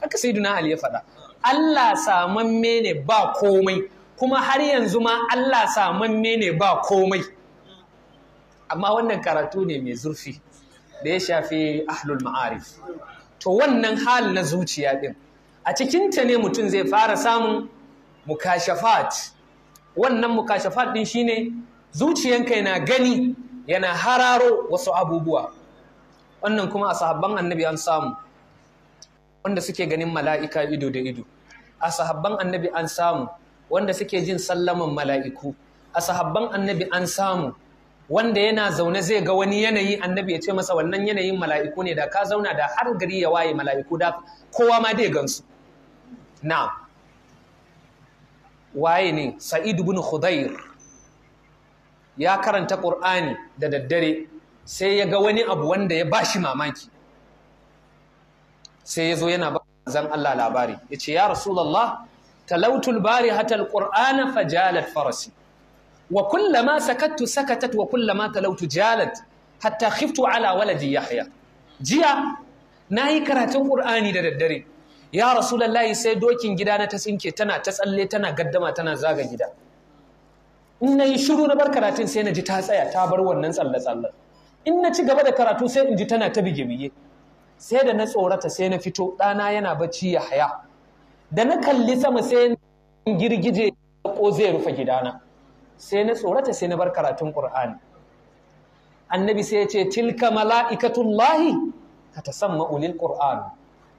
S1: haka sayyiduna Ali ya faɗa Allah samamme ne ba komai kuma har yanzu ma Allah samamme ne ba komai amma wannan karatu ne mai zurfi da ya shafi ahlul ma'arif to wannan hal na zuciya din a cikinta ne mutum zai fara samun mukashafat wannan mukashafat din shine zuciyanka yana gani yana hararo wasu abubuwa wannan kuma a sahabban annabi an samu wanda suke ganin mala'ika ido da ido a sahabban annabi an samu wanda suke jin sallaman mala'iku a sahabban annabi an samu wanda yana zaune zai ga wani yanayi annabi ya ce masa wannan yanayin mala'iku ne da ka zauna da har gari ya waye mala'iku da kowa ma dai gansu na waye ne sa'id bin khudair ya karanta ƙur'ani da daddare sai ya ga wani abu wanda ya bashi mamaki sai ya zo yana ba manzon Allah labari yace ya rasulallah talautul barihatal qur'ana fajalat farasi wa kullama sakattu sakatat wa kullama talautu jalat hatta khiftu ala waladi yahya jiya nayi karatun qur'ani da daddare ya rasulullahi sai dokin gida na ta tsinke tana ta tsalle tana gaddama tana zaga gida in yi shiru na bar karatun sai na ji ta tsaya ta bar wannan tsalle tsalle in na ci gaba da karatu sai in ji tana ta bige bige sai da na tsorata sai na fito ɗana yana bacci ya haya da na kalli sama sai na girgije ko zai rufe gidana sai na tsorata sai na bar karatun ƙur'ani annabi sai ya ce tilka mala'ikatullahi ka ta san ulil ƙur'ani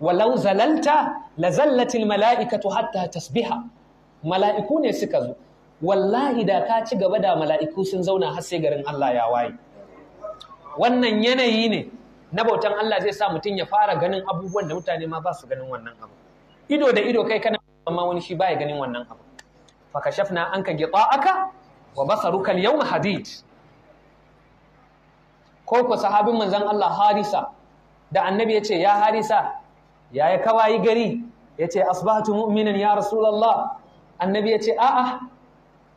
S1: walau zalalta la zallatil mala'ikatu hatta tasbiha mala'iku ne suka zo wallahi da ka ci gaba da mala'iku sun zauna har sai garin Allah ya waye wannan yanayi ne na bautan Allah zai sa mutum ya fara ganin abubuwan da mutane ma ba su ganin wannan abu ido da ido kai kana amma wani shi baya ganin wannan abu fa kashafna anka aka? wa basaruka al-yawma hadid ko ko sahabin manzon Allah Harisa da annabi ya ce ya Harisa ya ya kawai gari ya ce asbahtu mu'minan ya rasulullah annabi ya ce a'a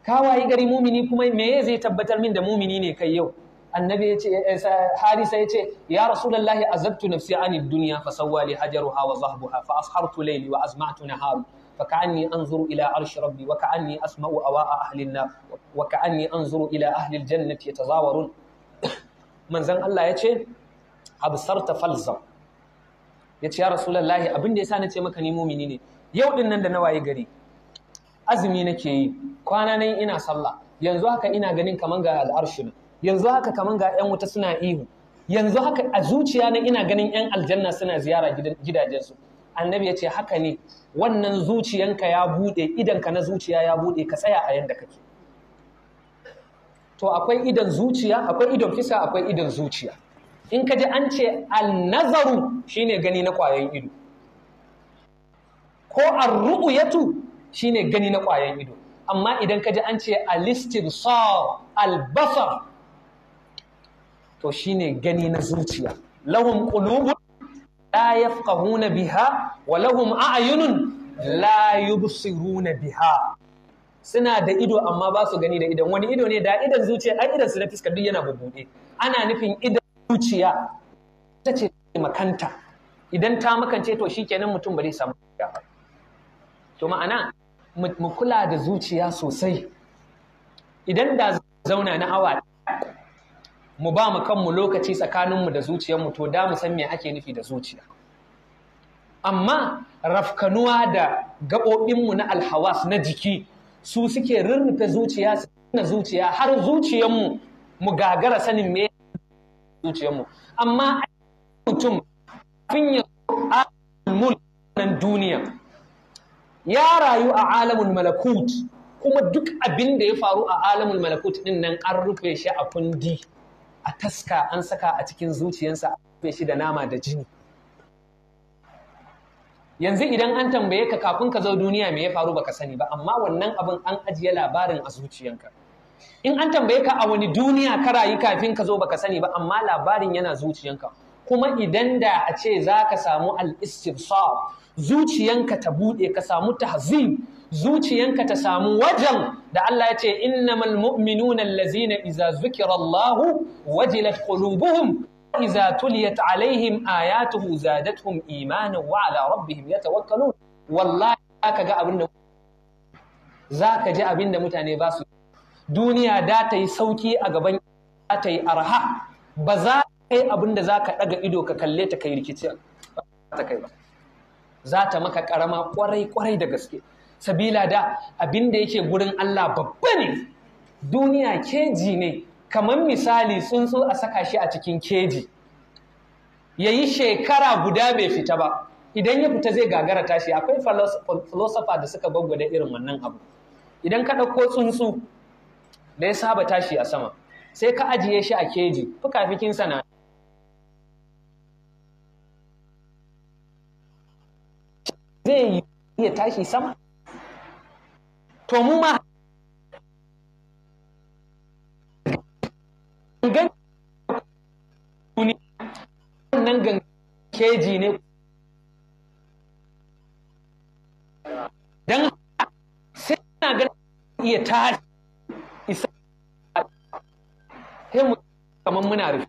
S1: kawai gari mumini kuma me zai tabbatar min da mumini ne kai yau annabi ya ce eh, harisa ya ce ya rasulullahi azabtu nafsi anid dunya fa sawwali hajaruha wa zahbuha fa ashartu layli wa azma'tu naharu fa ka'anni anzuru ila arshi rabbi wa ka'anni asma'u awa'a ahli an-nar wa ka'anni anzuru ila ahli al-jannati yatazawarun manzon Allah ya ce absarta falzam ya ce ya rasulullahi abinda da yasa na ce maka ni mumini ne yau din nan da na waye gari azumi nake yi kwana nan ina sallah yanzu haka ina ganin kaman ga al'arshi yanzu haka kaman ga 'yan wuta suna ihu yanzu haka a zuciya na ina ganin 'yan aljanna suna ziyara gidajensu annabi ya ce haka ne wannan zuciyanka ya buɗe idanka na zuciya ya buɗe ka tsaya a yanda kake to akwai idan zuciya akwai idan kisa akwai idan zuciya in ka ji an ce shi shine gani na ƙwayan ido ko shi shine gani na ƙwayan ido amma idan ka ji an ce al albasar to shine gani na zuciya lahum ƙulubu la yafqahuna biha wa lahum a'yunun la yubsiruna biha suna da ido amma ba su gani da idan wani ido ne da idan zuciya ai idan su na fiska duk yana bubuɗe. ana nufin idan zuciya ta ce makanta idan ta makance to shi shikenan mutum ba zai samu ba to ma'ana mu kula da zuciya sosai idan da zauna na awa mu ba mu kanmu lokaci tsakaninmu da zuciyarmu to da mu san me ake nufi da zuciya amma rafkanuwa da gaɓoɓinmu na alhawas na jiki su suke rurrufe zuciya su na zuciya har zuciyarmu mu gagara sanin me zuciyarmu amma mutum kafin ya mul nan duniya ya rayu a alamul malakut kuma duk abin da ya faru a alamul malakut din nan an rufe shi a kundi a taska an saka a cikin zuciyarsa a shi da nama da jini yanzu idan an tambaye ka kafin ka zo duniya me ya faru baka sani ba amma wannan abin an ajiye labarin a zuciyanka in an tambaye ka a wani duniya ka rayu kafin ka zo ba ka sani ba amma labarin yana zuciyanka kuma idan da a ce za ka samu al-istifsar zuciyanka ta buɗe ka samu tahzib zuciyanka ta samu wajen da Allah ya ce innamal mu'minuna allazina iza zukira Allahu wajilat qulubuhum iza tuliyat alaihim ayatuhu zadatuhum imanan wa ala rabbihim yatawakkalun wallahi zaka ga abin zaka ji abin da mutane ba su duniya da ta yi sauki a gaban za ta yi arha ba za ka yi abin da za ka ɗaga ido ka kalle ta kai rikicin ba za ta maka ƙarama ƙwarai ƙwarai da gaske sabila da abin da yake gurin Allah babba ne duniya keji ne kamar misali tsuntsu a saka shi a cikin keji ya yi shekara guda bai fita ba idan ya fita zai gagara tashi akwai philosopher da suka gwaggwada irin wannan abu idan ka ɗauko tsuntsu da ya saba tashi a sama sai ka ajiye shi a keji fukafikinsa na zai iya tashi sama to mu ma wannan gangan keji ne don sai na ganin iya tari isa sai mu muna rufe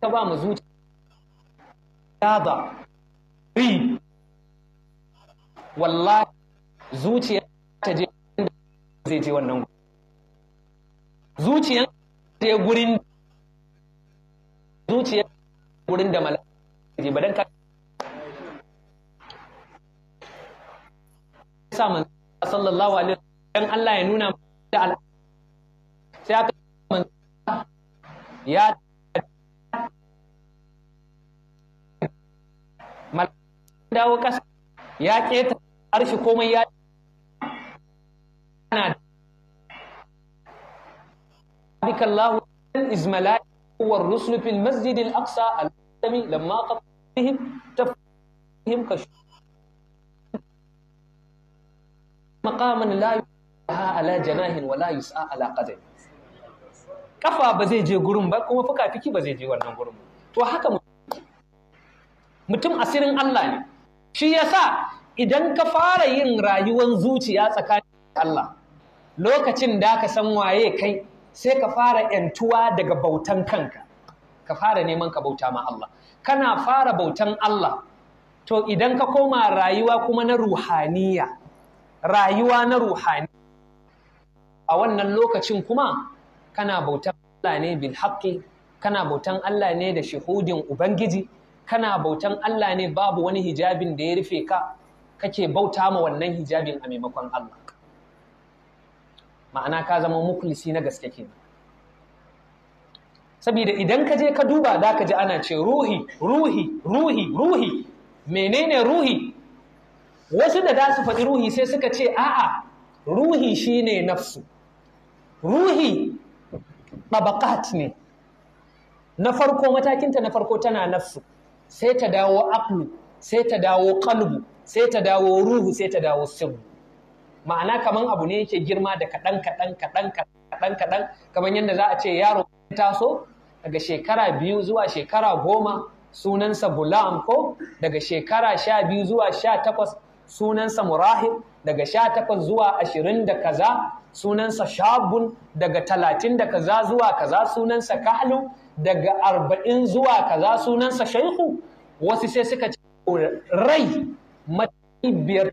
S1: ta ba mu zuci ya ba ri wallahi zuciya ta je zai je wannan zuciyan gurin gurin da badan ka sa man sallallahu alaihi Allah ya nuna da al sai aka man ya dawo kasa ya keta arshi komai ya ana ذلك الله إذ ملائكة والرسل في المسجد الأقصى لما تفهم مقاما لا يسعى على جناه ولا يسعى على mutum asirin Allah ne shi yasa idan ka fara yin rayuwar zuciya tsakanin Allah lokacin da ka san waye kai sai ka fara ‘yantuwa daga bautan kanka, ka fara neman ka bauta ma Allah. Kana fara bautan Allah, to idan ka koma rayuwa kuma na ruhaniya, rayuwa na ruhani. A wannan lokacin kuma kana bautan Allah ne bil haƙƙi, kana bautan Allah ne da shahudin Ubangiji, kana bautan Allah ne babu wani hijabin da ya rufe ka, kake bauta ma wannan hijabin a maimakon Allah. ma'ana ka zama mukulisi na gaske kenan saboda idan ka je ka duba za ka ji ana ce ruhi ruhi ruhi ruhi menene ruhi wasu da za su faɗi ruhi sai suka ce a'a ruhi shine nafsu ruhi tabaqat ne na farko matakinta na farko tana nafsu sai ta dawo aqlu sai ta dawo kalbu sai ta dawo ruhu sai ta dawo sirru ma'ana kaman abu ne yake girma da kaɗan kaɗan kaɗan kaɗan kaɗan kaman yadda za a ce yaro ya taso daga shekara biyu zuwa shekara goma sunansa gulam ko daga shekara sha biyu zuwa sha takwas sunansa murahim, daga sha takwas zuwa ashirin da kaza sunansa shabun daga talatin da kaza zuwa kaza sunansa kahlu daga arba'in zuwa kaza sunansa shaihu wasu sai suka ce rai mataki biyar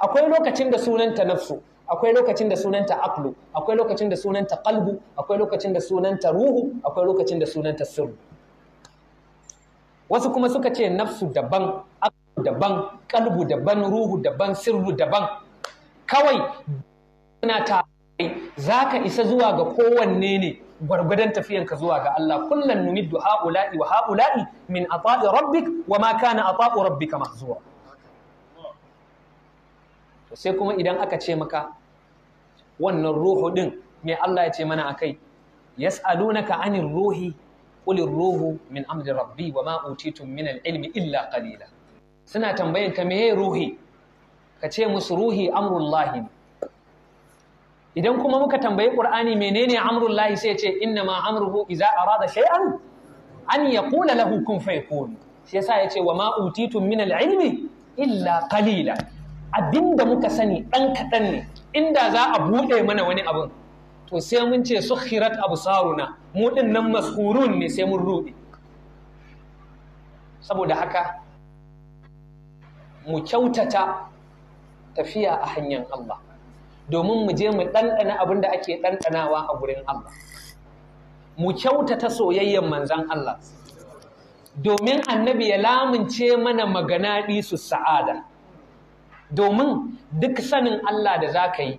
S1: akwai lokacin da sunanta nafsu akwai lokacin da sunanta aklu akwai lokacin da sunanta kalbu akwai lokacin da sunanta ruhu akwai lokacin da sunanta sirru wasu kuma suka ce nafsu daban aklu daban kalbu daban ruhu daban sirru daban kawai suna ta za ka isa zuwa ga kowanne ne gwargwadon ka zuwa ga Allah kullum numiddu ha'ula'i wa ha'ula'i min ata'i rabbik wa ma kana ata'u rabbika mahzura sai kuma idan aka ce maka wannan ruhu din me Allah ya ce mana akai ka anin ruhi qul ruhu min amri rabbi wa ma min al'ilmi illa ƙalila. suna tambayan ka meye ruhi ka ce musu ruhi amrullahi ne idan kuma muka tambayi ƙur'ani menene amrullahi sai ce inna ma amruhu a arada shay'an an kula lahu kun fayakun shi yasa yace wa ma'utitun min al'ilmi? ilmi illa qalila Abin da muka sani ɗan kaɗan ne inda za a buɗe mana wani abin to sai mun ce su abu absaruna mu muɗin nan maskurun ne sai mun ruɗe saboda haka mu kyautata tafiya a hanyar Allah domin mu je mu ɗanɗana abin da ake ɗanɗanawa a gurin Allah mu kyautata soyayyen manzan Allah domin annabi ya lamunce mana maganaɗi su sa'ada domin duk sanin Allah da za ka yi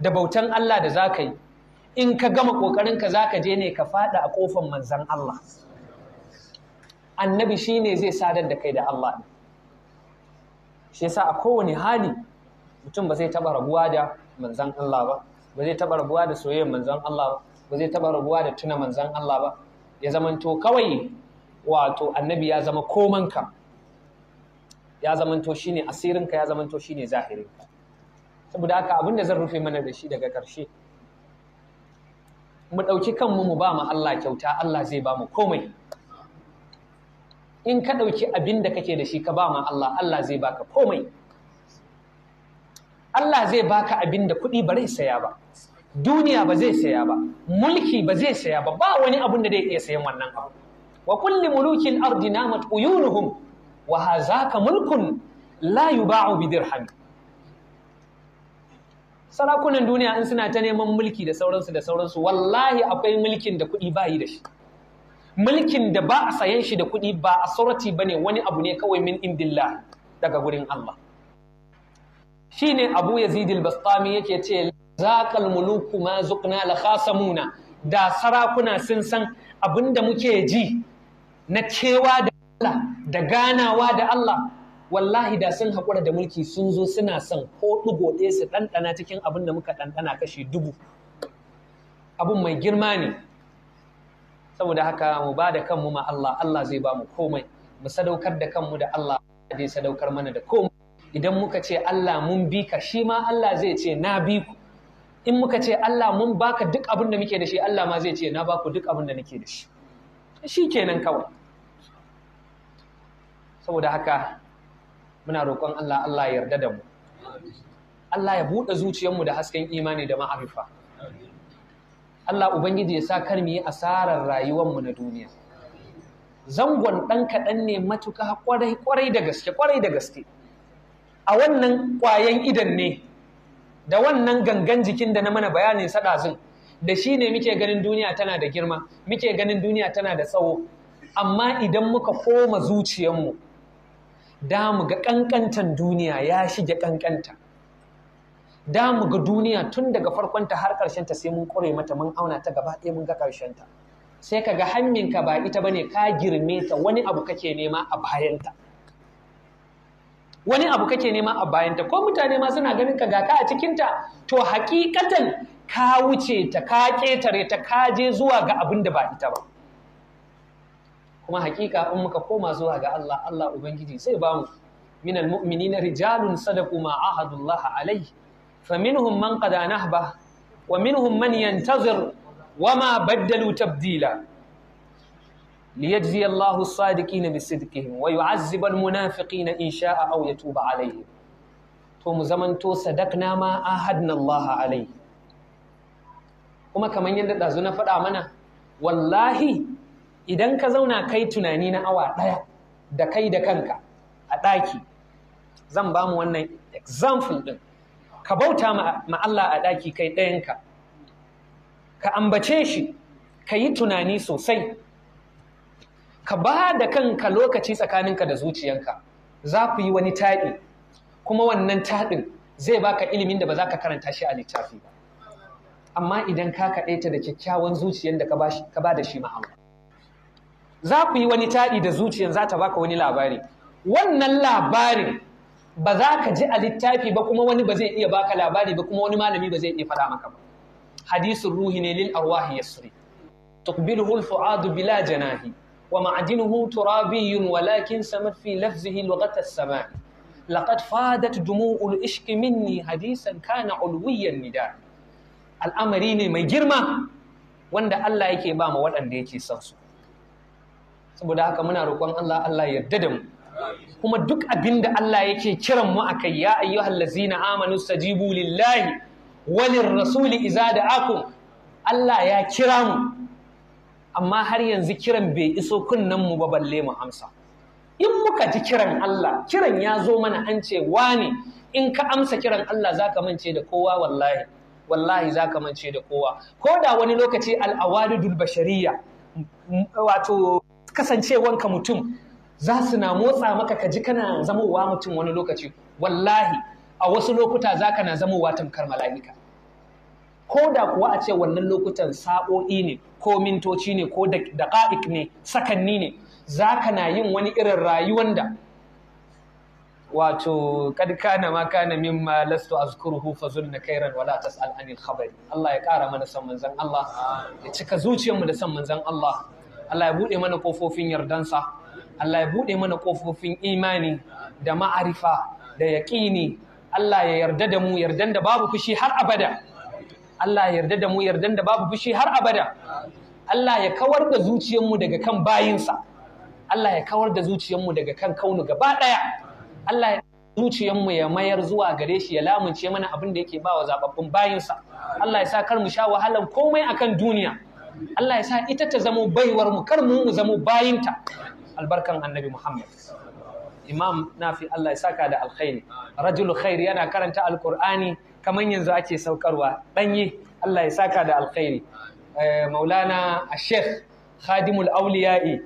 S1: da bautan Allah da za ka yi in ka gama ƙoƙarinka za ka je ne ka faɗa a ƙofan manzan Allah annabi shi ne zai sadar da kai da Allah shi yasa a kowane hali mutum ba zai taɓa rabuwa da manzan Allah ba ba zai taɓa rabuwa da soyayyar manzan Allah ba ba zai taɓa rabuwa da tuna manzan Allah ba ya zamanto kawai wato annabi ya zama komanka ya zamanto shine asirinka ya zamanto shine zahirinka saboda haka abin da zan rufe mana da shi daga ƙarshe mu ɗauki kanmu mu ba mu Allah kyauta Allah zai ba mu komai in ka ɗauki abin da kake da shi ka ba mu Allah Allah zai baka komai Allah zai baka abin da kuɗi ba zai saya ba duniya ba zai saya ba mulki ba zai saya ba ba wani abin da zai iya sayan wannan abu wa kulli mulukin ardi namat uyunuhum wa hazaka mulkun Layu yuba'u bi dirhami sarakunan duniya in suna ta neman mulki da sauransu da sauransu wallahi akwai mulkin da kuɗi bayi da shi mulkin da ba a sayan shi da kuɗi ba a surati ba ne wani abu ne kawai min indillah daga wurin Allah shi ne abu yazidil bastami yake ce zaƙal muluku ma zuƙna la da sarakuna sun san abin da muke ji na kewa da Allah da ganawa da Allah wallahi da sun haƙura da mulki sun zo suna son ko ɗigo ɗaya su ɗanɗana cikin abin da muka ɗanɗana kashi dubu abin mai girma ne saboda haka mu ba da kanmu ma Allah Allah zai ba mu komai mu sadaukar da kanmu da Allah zai sadaukar mana da komai idan muka ce Allah mun bi ka shi ma Allah zai ce na bi ku in muka ce Allah mun baka duk abin da muke da shi Allah ma zai ce na baku duk abin da nake da shi shi kenan kawai saboda haka muna roƙon Allah Allah ya yarda da mu Allah ya buɗe zuciyarmu da hasken imani da ma'arifa Allah ubangiji ya sa kar mu yi asarar mu na duniya zangon ɗan kaɗan ne matuka kwarai kwarai da gaske kwarai da gaske a wannan ƙwayan idan ne da wannan gangan jikin da na mana bayanin saɗazin da shi ne muke ganin duniya tana da girma muke ganin duniya tana da tsawo amma idan muka koma zuciyarmu Damu ga ƙanƙantan duniya ya shige ƙanƙanta Damu ga duniya tun daga farkonta har ta sai mun ƙure mata mun auna ta gaba ɗaya mun ga ta. sai ka ga ba ita bane ka girme ta wani abu kake nema a bayanta wani abu kake nema a bayanta ko mutane ma suna ganin ka ga ka a cikinta to hakikatan ka wuce ta ka ƙetare ta ka je zuwa ga abin da ba ita ba kuma hakika in muka koma zuwa ga Allah Allah ubangiji sai ba mu Min mu'minina rijalun sadaqu ma ahadullah alayhi faminhum man qada nahba wa minhum man yantazir wama baddalu tabdila ليجزي الله الصادقين بصدقهم ويعذب المنافقين إن شاء أو يتوب عليهم to mu zamanto sadakna ma ahadna Allah alai kuma kamar yadda dazu na faɗa mana wallahi idan ka zauna kai tunani na awa ɗaya da kai da kanka a ɗaki zan ba mu wannan example ɗin ka bauta ma Allah a ɗaki kai ɗayanka ka ambace shi ka yi tunani sosai ka ba da kanka lokaci tsakaninka da zuciyanka za ku yi wani taɗi kuma wannan taɗin zai baka ilimin da ba za ka karanta shi a littafi ba amma idan ka kaɗaita da kyakkyawan zuciyar da ka ba da shi ma'auna za ku yi wani taɗi da zuciyar za ta baka wani labari wannan labarin ba za ka ji a littafi ba kuma wani ba zai iya baka labari ba kuma wani malami ba zai iya faɗa maka ba hadisin ruhi ne lil arwahi yasri tuqbiluhu al-fu'adu bila janahi wa ma'adinuhu turabiyyun walakin samat fi lafzihi lughat as-sama' laqad fadat dumu'ul al minni hadisan kana ulwiyyan nida al'amari ne mai girma wanda Allah yake ba ma waɗanda yake son su saboda haka muna roƙon Allah Allah ya yarda da mu kuma duk abin da Allah yake kiran mu akai ya ayyuhal ladzina amanu sajibu lillahi walir rasuli idza da'akum Allah ya kira mu amma har yanzu kiran bai iso kunnen mu ba balle mu amsa in muka ji kiran Allah kiran ya zo mana an ce wane in ka amsa kiran Allah zaka mance da kowa wallahi wallahi zaka mance da kowa ko da wani lokaci al-awadidul bashariya wato kasancewanka mutum za su na motsa maka ka ji kana zamowa mutum wani lokaci wallahi a wasu lokuta za ka na zamowa tamkar mala'ika ko da kuwa a ce wannan lokutan sa'o'i ne ko mintoci ne ko daƙa'ik ne sakanni ne za ka na yin wani irin rayuwan da wato kad kana ma kana mimma lastu azkuruhu fa zunna kairan wala tas'al anil khabari Allah ya kara mana san Allah ya cika zuciyarmu da san manzon Allah Allah ya buɗe mana kofofin yardansa Allah ya buɗe mana kofofin imani da ma'arifa da yaƙini Allah ya yarda da mu yardan da babu fushi har abada Allah ya yarda da mu yardan da babu fushi har abada Allah ya kawar da zuciyarmu daga kan bayinsa Allah ya kawar da zuciyarmu daga kan kaunu gaba ɗaya Allah ya zuciyarmu ya mayar zuwa gare shi ya lamunce mana abin da yake ba wa zababbun bayinsa Allah ya sa kar mu sha wahalan komai akan duniya Allah ya sa ita ta zamo baiwar mu kar mu mu zamo bayinta albarkan annabi Muhammad imam nafi Allah ya saka da alkhairi rajulu khair yana karanta alqur'ani kamar yanzu ake saukarwa danye Allah ya saka da alkhairi eh, maulana ash-sheikh khadimul awliya'i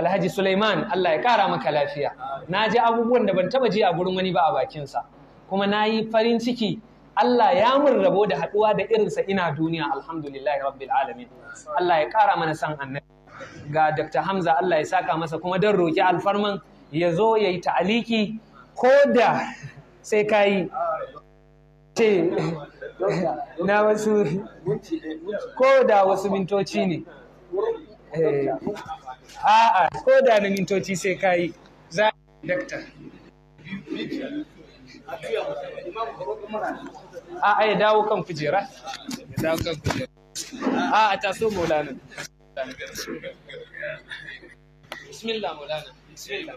S1: alhaji Sulaiman Allah ya kara maka lafiya na je abubuwan da ban taba ji a gurin wani ba a bakinsa kuma na yi farin ciki Allah ya mun rabo da haɗuwa da irinsa ina duniya alhamdulillah, rabbil alamin Allah ya ƙara mana san annabi ga Dr. Hamza Allah ya saka masa kuma dan roƙi alfarman ya zo ya yi ta'aliki ko da sai ka yi na wasu ko da wasu mintoci ne eh, a'a ko da na mintoci sai ka yi za a yi a ya dawo kan kujera ya dawo kan kujera a a taso maulana bismillah maulana bismillah